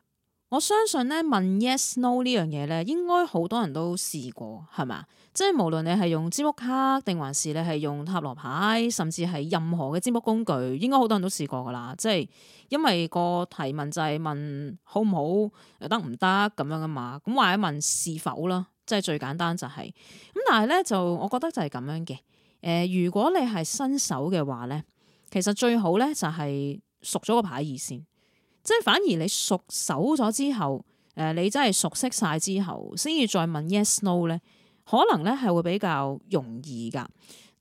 我相信咧問 yes no 呢樣嘢咧，應該好多人都試過係咪？即係無論你係用支筆刻定還是你係用塔羅牌，甚至係任何嘅占卜工具，應該好多人都試過噶啦。即係因為個提問就係問好唔好、得唔得咁樣噶嘛，咁或者問是否啦，即係最簡單就係、是、咁。但係咧就我覺得就係咁樣嘅誒、呃，如果你係新手嘅話咧，其實最好咧就係、是、熟咗個牌意先。即係反而你熟手咗之後，誒、呃,你真係熟悉晒之後，先至再問 yes no 咧，可能咧係會比較容易噶。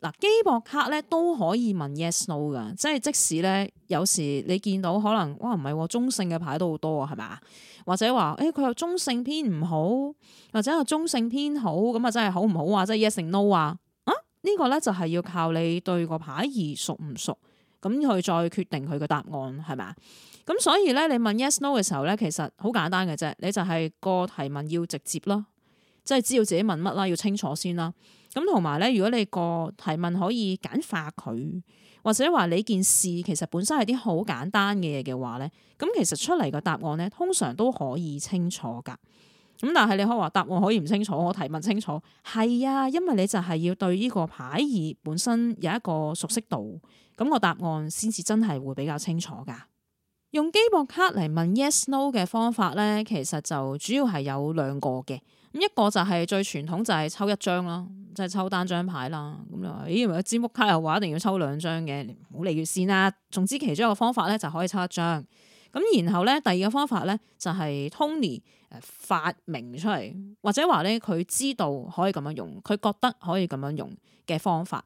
嗱、啊，基博卡咧都可以問 yes no 噶，即係即使咧有時你見到可能哇唔係、哦，中性嘅牌都好多啊，係咪？或者話誒佢又中性偏唔好，或者又中性偏好，咁啊真係好唔好啊？即係 yes no 啊？啊、這個、呢個咧就係、是、要靠你對個牌而熟唔熟，咁佢再決定佢嘅答案係咪？咁所以咧，你問 yes no 嘅時候咧，其實好簡單嘅啫，你就係個提問要直接囉，即係知道自己問乜啦，要清楚先啦。咁同埋咧，如果你個提問可以簡化佢，或者話你件事其實本身係啲好簡單嘅嘢嘅話咧，咁其實出嚟個答案咧，通常都可以清楚噶。咁但係你可以話答案可以唔清楚，我提問清楚係啊，因為你就係要對呢個牌意本身有一個熟悉度，咁個答案先至真係會比較清楚噶。用機博卡嚟問 yes no 嘅方法咧，其實就主要係有兩個嘅。咁一個就係最傳統，就係抽一張咯，即係抽單張牌啦。咁你話咦？咪有占卜卡又話一定要抽兩張嘅，你唔好理住先啦。總之其中一個方法咧就可以抽一張。咁然後咧，第二個方法咧就係 Tony 發明出嚟，或者話咧佢知道可以咁樣用，佢覺得可以咁樣用嘅方法。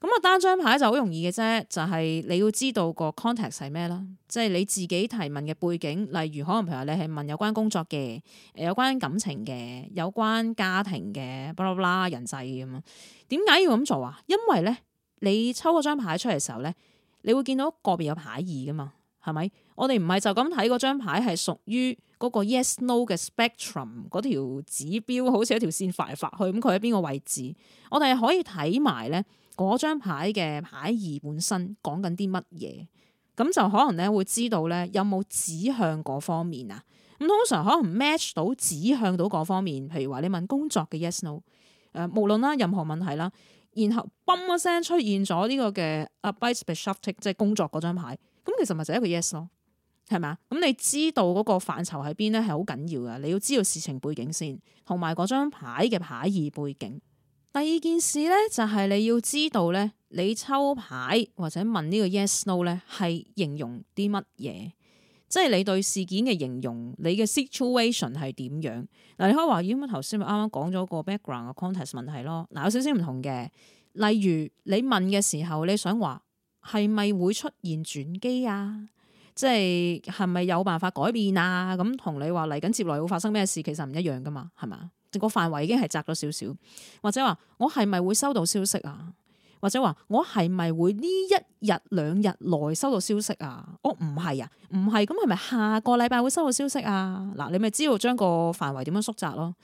咁啊，單張牌就好容易嘅啫，就係你要知道個 context 係咩啦，即係你自己提問嘅背景，例如可能譬如你係問有關工作嘅，有關感情嘅，有關家庭嘅，巴拉巴拉人際咁啊。點解要咁做啊？因為咧，你抽個張牌出嚟嘅時候咧，你會見到個別有牌意噶嘛，係咪？我哋唔係就咁睇嗰張牌係屬於嗰個 Yes No 嘅 Spectrum 嗰條指標，好似一條線發嚟發去，咁佢喺邊個位置？我哋係可以睇埋咧。嗰張牌嘅牌義本身講緊啲乜嘢，咁就可能咧會知道咧有冇指向嗰方面啊？咁通常可能 match 到指向到嗰方面，譬如話你問工作嘅 yes no，誒無論啦任何問題啦，然後嘣一聲出現咗呢個嘅 a bit specific，即係工作嗰張牌，咁其實咪就一個 yes 咯，係咪？咁你知道嗰個範疇喺邊咧，係好緊要噶，你要知道事情背景先，同埋嗰張牌嘅牌義背景。第二件事咧，就係、是、你要知道咧，你抽牌或者問呢個 yes no 咧，係形容啲乜嘢？即係你對事件嘅形容，你嘅 situation 係點樣？嗱，你可以話，如果頭先咪啱啱講咗個 background 嘅 context 問題咯。嗱，有少少唔同嘅。例如你問嘅時候，你想話係咪會出現轉機啊？即係係咪有辦法改變啊？咁同你話嚟緊接來會發生咩事，其實唔一樣噶嘛，係嘛？個範圍已經係窄咗少少，或者話我係咪會收到消息啊？或者話我係咪會呢一日兩日內收到消息啊？哦，唔係啊，唔係。咁係咪下個禮拜會收到消息啊？嗱，你咪知道將個範圍點樣縮窄咯，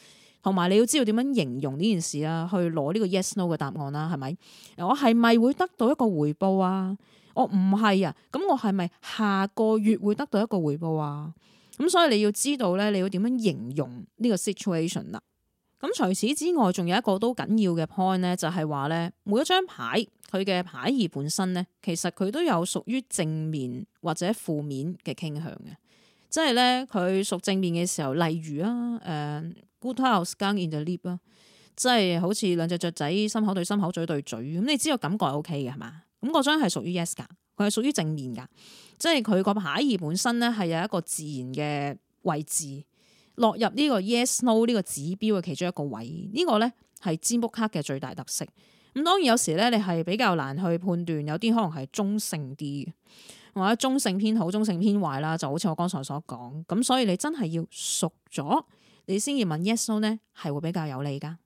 同埋你要知道點樣形容呢件事啊，去攞呢個 yes no 嘅答案啦，係咪？我係咪會得到一個回報啊？哦，唔係啊，咁我係咪下個月會得到一個回報啊？咁所以你要知道咧，你要點樣形容呢個 situation 啦？咁除此之外，仲有一個都緊要嘅 point 咧，就係話咧，每一張牌佢嘅牌意本身咧，其實佢都有屬於正面或者負面嘅傾向嘅，即係咧佢屬正面嘅時候，例如啊，誒、uh, Good House Gang in the lip 啦，即係好似兩隻雀仔心口對心口嘴對嘴，咁你知道感覺係 OK 嘅係嘛？咁嗰張係屬於 yes 㗎，佢係屬於正面㗎，即係佢個牌意本身咧係有一個自然嘅位置。落入呢個 yes no 呢個指標嘅其中一個位，呢個咧，係占卜卡嘅最大特色。咁當然有時咧，你係比較難去判斷，有啲可能係中性啲，或者中性偏好、中性偏壞啦。就好似我剛才所講，咁所以你真係要熟咗，你先至問 yes no 咧，係會比較有利噶。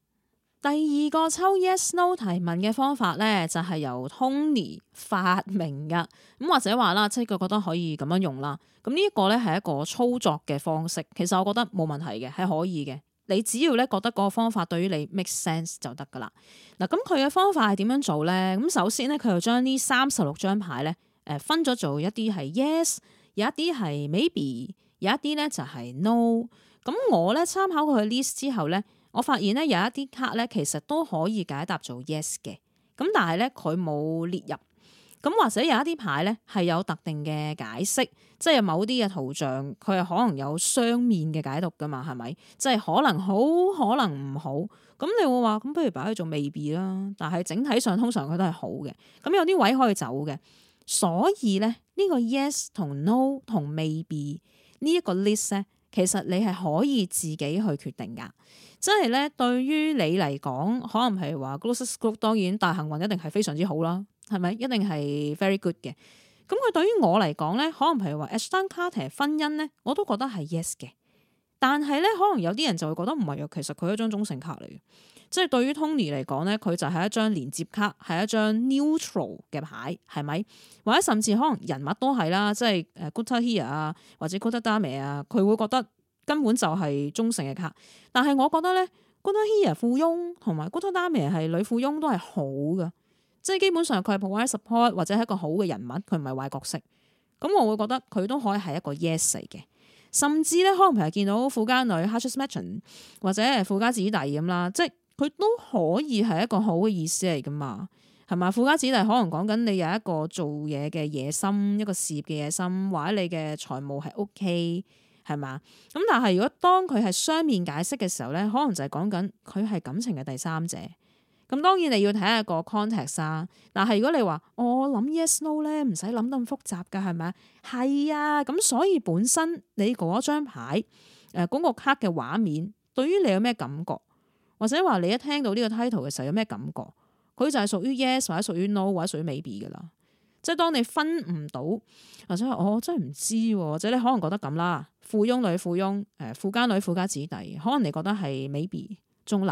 第二個抽 yes no 提問嘅方法咧，就係、是、由 Tony 發明㗎，咁或者話啦，即係佢覺得可以咁樣用啦。咁呢一個咧係一個操作嘅方式，其實我覺得冇問題嘅，係可以嘅。你只要咧覺得嗰個方法對於你 make sense 就得噶啦。嗱，咁佢嘅方法係點樣做咧？咁首先咧，佢就將呢三十六張牌咧，誒、呃、分咗做一啲係 yes，有一啲係 maybe，有一啲咧就係、是、no。咁我咧參考佢 list 之後咧。我發現咧有一啲卡咧，其實都可以解答做 yes 嘅，咁但係咧佢冇列入，咁或者有一啲牌咧係有特定嘅解釋，即係某啲嘅圖像佢係可能有雙面嘅解讀噶嘛，係咪？即係可能好，可能唔好，咁你會話咁不如擺去做 maybe 啦。但係整體上通常佢都係好嘅，咁有啲位可以走嘅，所以咧呢個 yes 同 no 同 maybe 呢一個 list 咧。其實你係可以自己去決定㗎，即係咧對於你嚟講，可能係話 Glossus Group 當然大幸運一定係非常之好啦，係咪？一定係 very good 嘅。咁佢對於我嚟講咧，可能係話 Aston Carter 婚姻咧，我都覺得係 yes 嘅。但係咧，可能有啲人就會覺得唔係啊，其實佢係一張中性卡嚟嘅。即係對於 Tony 嚟講咧，佢就係一張連接卡，係一張 neutral 嘅牌，係咪？或者甚至可能人物都係啦，即係誒 Gudetama 啊，或者 Gudetama 啊，佢會覺得根本就係中性嘅卡。但係我覺得咧，Gudetama 富翁同埋 Gudetama 係女富翁都係好噶，即係基本上佢係 provide support 或者係一個好嘅人物，佢唔係壞角色。咁我會覺得佢都可以係一個 yes 嚟嘅，甚至咧，可能成日見到富家女 Hutchinson 或者富家子弟咁啦，即佢都可以係一個好嘅意思嚟㗎嘛，係嘛？富家子弟可能講緊你有一個做嘢嘅野心，一個事業嘅野心，或者你嘅財務係 OK 係嘛？咁但係如果當佢係雙面解釋嘅時候咧，可能就係講緊佢係感情嘅第三者。咁當然你要睇下個 context 啦。但係如果你話我諗 yes no 咧，唔使諗得咁複雜㗎，係咪啊？係啊，咁所以本身你嗰張牌，誒、那、嗰個卡嘅畫面，對於你有咩感覺？或者話你一聽到呢個 title 嘅時候有咩感覺？佢就係屬於 yes 或者屬於 no 或者屬於 maybe 噶啦。即係當你分唔到，或者我、哦、真係唔知，或者你可能覺得咁啦，附庸女附庸、呃、附庸誒、富家女、富家子弟，可能你覺得係 maybe 中立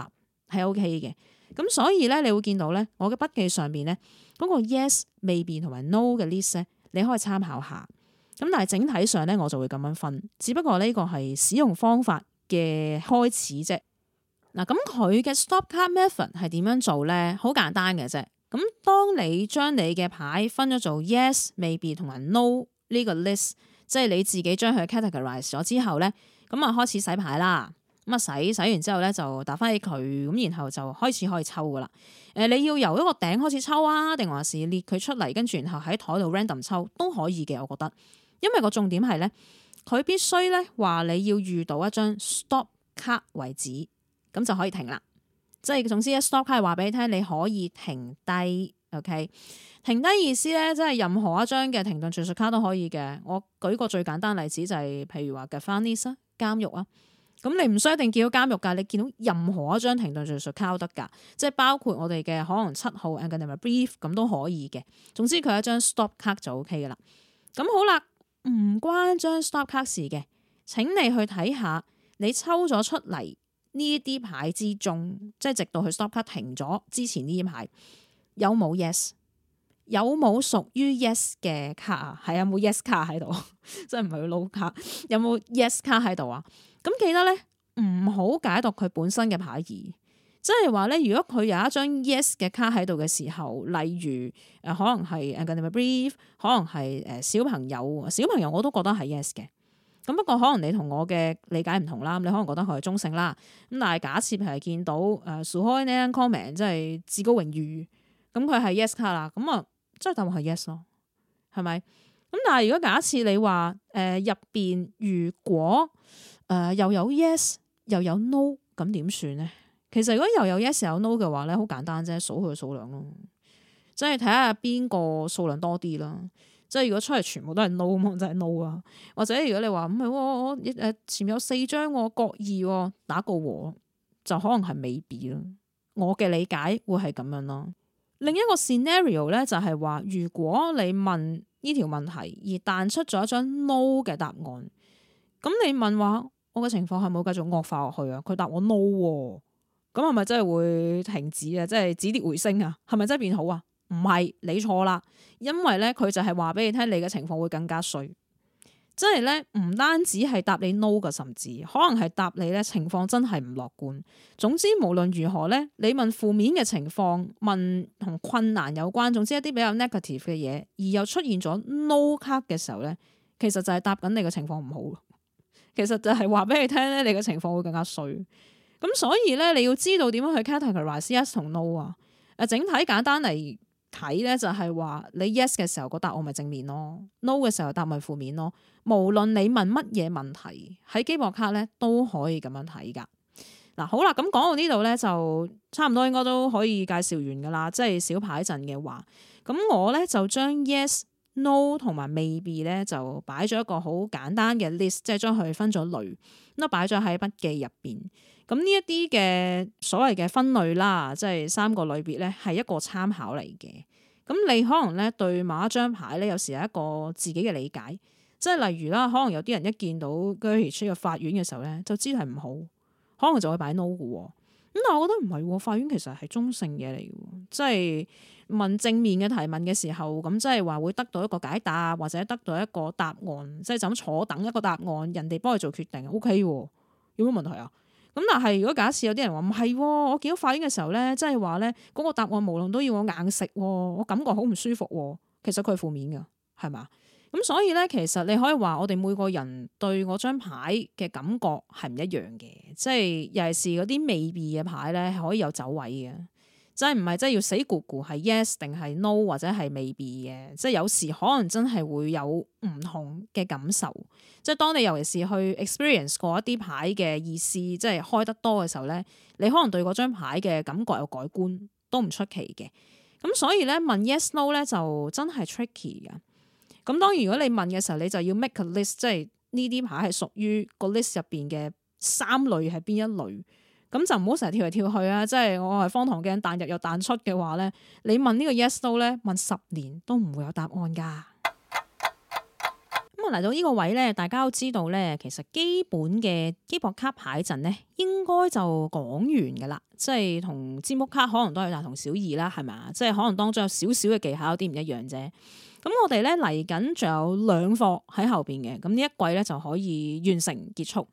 係 OK 嘅。咁所以咧，你會見到咧，我嘅筆記上邊咧，嗰、那個 yes、maybe 同埋 no 嘅 list 咧，你可以參考下。咁但係整體上咧，我就會咁樣分。只不過呢個係使用方法嘅開始啫。嗱，咁佢嘅 stop card method 係點樣做咧？好簡單嘅啫。咁當你將你嘅牌分咗做 yes、maybe 同埋 no 呢個 list，即係你自己將佢 categorize 咗之後咧，咁啊開始洗牌啦。咁啊洗洗完之後咧就打翻起佢，咁然後就開始可以抽噶啦。誒、呃，你要由一個頂開始抽啊，定還是列佢出嚟，跟住然後喺台度 random 抽都可以嘅。我覺得，因為個重點係咧，佢必須咧話你要遇到一張 stop card 為止。咁就可以停啦，即係總之一，stop 卡係話俾你聽，你可以停低。OK，停低意思咧，即係任何一張嘅停頓敘述卡都可以嘅。我舉個最簡單例子就係，譬如話嘅 f r n n s 啊，監獄啊，咁你唔需要一定見到監獄噶，你見到任何一張停頓敘述卡都得噶，即係包括我哋嘅可能七號 and brief 咁都可以嘅。總之佢係一張 stop 卡就 OK 噶啦。咁好啦，唔關張 stop 卡事嘅，請你去睇下，你抽咗出嚟。呢啲牌之中，即係直到佢 stop 卡停咗之前呢啲牌，有冇 yes？有冇屬於 yes 嘅卡啊？係有冇 yes 卡喺度？ 即係唔係佢撈卡？有冇 yes 卡喺度啊？咁記得咧，唔好解讀佢本身嘅牌意。即係話咧，如果佢有一張 yes 嘅卡喺度嘅時候，例如誒、呃，可能係 e n g b r e f 可能係誒、呃、小朋友，小朋友我都覺得係 yes 嘅。咁不過可能你同我嘅理解唔同啦，咁你可能覺得佢係中性啦。咁但係假設係見到誒數開呢個 comment 即係至高榮譽，咁佢係 yes 卡啦，咁啊即係答案係 yes 咯，係咪？咁但係如果假設你話誒入邊如果誒、呃、又有 yes 又有 no，咁點算呢？其實如果又有 yes 又有 no 嘅話咧，好簡單啫，數佢嘅數量咯，即係睇下邊個數量多啲啦。即係如果出嚟全部都係 no，咁我就係 no 啊。或者如果你話唔係，我我誒前面有四張，我各二、啊、打個和，就可能係 maybe 咯。我嘅理解會係咁樣咯。另一個 scenario 咧就係話，如果你問呢條問題而彈出咗一張 no 嘅答案，咁你問話我嘅情況係咪繼續惡化落去啊？佢答我 no，咁係咪真係會停止啊？即係止跌回升啊？係咪真係變好啊？唔係你錯啦，因為咧佢就係話俾你聽你嘅情況會更加衰，即係咧唔單止係答你 no 嘅，甚至可能係答你咧情況真係唔樂觀。總之無論如何咧，你問負面嘅情況，問同困難有關，總之一啲比較 negative 嘅嘢，而又出現咗 no 卡嘅時候咧，其實就係答緊你嘅情況唔好，其實就係話俾你聽咧你嘅情況會更加衰。咁所以咧你要知道點樣去 categorize yes 同 no 啊？誒，整體簡單嚟睇咧就係話，你 yes 嘅時候個答案咪正面咯，no 嘅時候答咪負面咯。無論你問乜嘢問題，喺基博卡咧都可以咁樣睇噶。嗱、啊，好啦，咁講到呢度咧就差唔多應該都可以介紹完噶啦，即係小牌陣嘅話。咁我咧就將 yes、no 同埋 maybe 咧就擺咗一個好簡單嘅 list，即係將佢分咗類，咁啊擺咗喺筆記入邊。咁呢一啲嘅所謂嘅分類啦，即係三個類別咧，係一個參考嚟嘅。咁你可能咧對某一張牌咧，有時係一個自己嘅理解，即係例如啦，可能有啲人一見到居於出個法院嘅時候咧，就知係唔好，可能就會擺 no 嘅。咁但係我覺得唔係，法院其實係中性嘢嚟嘅，即係問正面嘅提問嘅時候，咁即係話會得到一個解答或者得到一個答案，即係就咁坐等一個答案，人哋幫佢做決定，OK，有咩問題啊？咁但係如果假設有啲人話唔係，我見到發現嘅時候咧，即係話咧嗰個答案，無論都要我硬食，我感覺好唔舒服。其實佢係負面嘅，係嘛？咁所以咧，其實你可以話我哋每個人對嗰張牌嘅感覺係唔一樣嘅，即係尤其是嗰啲未必嘅牌咧，可以有走位嘅。真係唔係真係要死咕咕，係 yes 定係 no 或者係未必嘅，即係有時可能真係會有唔同嘅感受。即係當你尤其是去 experience 過一啲牌嘅意思，即係開得多嘅時候咧，你可能對嗰張牌嘅感覺有改觀都唔出奇嘅。咁所以咧，問 yes no 咧就真係 tricky 嘅。咁當然如果你問嘅時候，你就要 make a list，即係呢啲牌係屬於個 list 入邊嘅三類係邊一類？咁就唔好成日跳嚟跳去啊！即係我係方唐鏡彈入又彈出嘅話呢，你問呢個 yes no 咧，問十年都唔會有答案噶。咁啊嚟到呢個位呢，大家都知道呢，其實基本嘅基博卡牌陣呢應該就講完噶啦。即係同占卜卡可能都係大同小異啦，係咪？即係可能當中有少少嘅技巧，有啲唔一樣啫。咁我哋咧嚟緊仲有兩課喺後邊嘅，咁呢一季咧就可以完成結束。誒、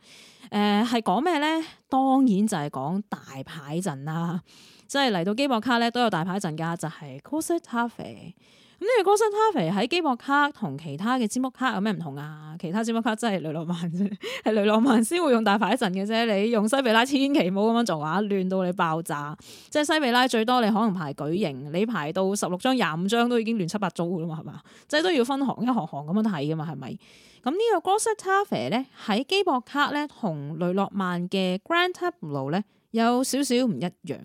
呃，係講咩咧？當然就係講大牌陣啦，即係嚟到基博卡咧都有大牌陣㗎，就係、是、cosy cafe。Fe. 咁呢個 g r o s s e t 喺基博卡同其他嘅占卜卡有咩唔同啊？其他占卜卡真係雷諾曼啫，係 雷諾曼先會用大牌一陣嘅啫。你用西比拉千祈唔好咁樣做啊，亂到你爆炸。即係西比拉最多你可能排矩形，你排到十六張、廿五張都已經亂七八糟噶啦嘛，係嘛？即係都要分行一行行咁樣睇噶嘛，係咪？咁、這、呢個 g r o s s e t 咧喺基博卡咧同雷諾曼嘅 Grand Tableau 咧有少少唔一樣。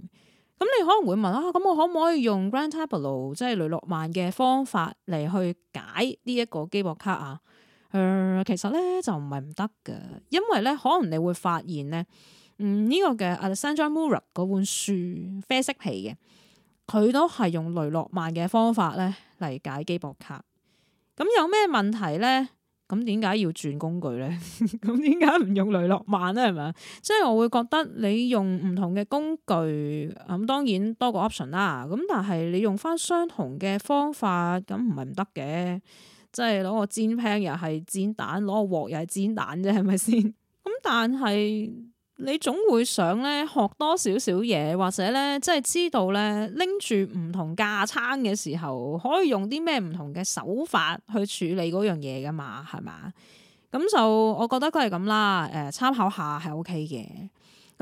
咁你可能會問啊，咁我可唔可以用 Grand Tableau 即係雷諾曼嘅方法嚟去解呢一個機博卡啊？誒、呃，其實咧就唔係唔得嘅，因為咧可能你會發現咧，嗯呢、這個嘅 Alexander Muller 嗰本書啡色皮嘅，佢都係用雷諾曼嘅方法咧嚟解機博卡。咁有咩問題咧？咁點解要轉工具咧？咁點解唔用雷諾曼咧？係咪？即係我會覺得你用唔同嘅工具，咁當然多個 option 啦。咁但係你用翻相同嘅方法，咁唔係唔得嘅。即係攞個煎 pan 又係煎蛋，攞個鑊又係煎蛋啫，係咪先？咁 但係。你總會想咧學多少少嘢，或者咧即係知道咧拎住唔同架撐嘅時候，可以用啲咩唔同嘅手法去處理嗰樣嘢噶嘛？係嘛？咁就我覺得都係咁啦。誒、呃，參考下係 O K 嘅。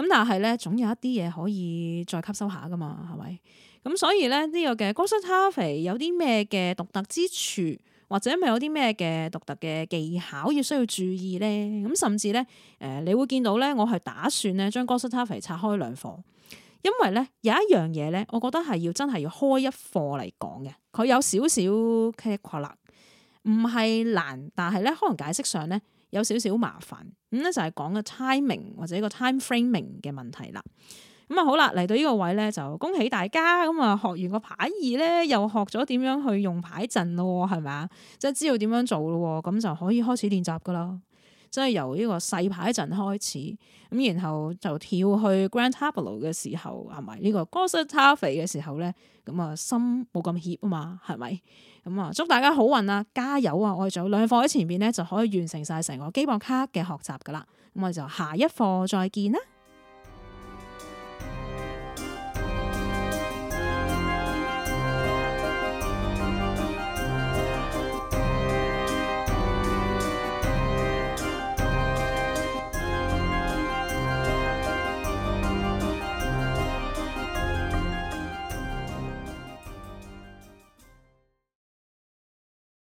咁但係咧，總有一啲嘢可以再吸收下噶嘛？係咪？咁所以咧呢、這個嘅高 u s t 有啲咩嘅獨特之處？或者咪有啲咩嘅獨特嘅技巧要需要注意咧？咁甚至咧，誒、呃，你會見到咧，我係打算咧將 Goshtavi 拆開兩課，因為咧有一樣嘢咧，我覺得係要真係要開一課嚟講嘅，佢有少少 calcul，唔係難，但係咧可能解釋上咧有少少麻煩，咁、嗯、咧就係、是、講嘅 timing 或者個 time framing 嘅問題啦。咁啊好啦，嚟到呢個位咧就恭喜大家，咁啊學完個牌二咧，又學咗點樣去用牌陣咯，係咪啊？即係知道點樣做咯，咁就可以開始練習噶啦。即係由呢個細牌陣開始，咁然後就跳去 grand tableau 嘅時候，係咪呢個 cosy cafe 嘅時候咧？咁啊心冇咁怯啊嘛，係咪？咁啊祝大家好運啊，加油啊！我哋仲有兩課喺前面咧，就可以完成晒成個基本卡嘅學習噶啦。咁我哋就下一課再見啦。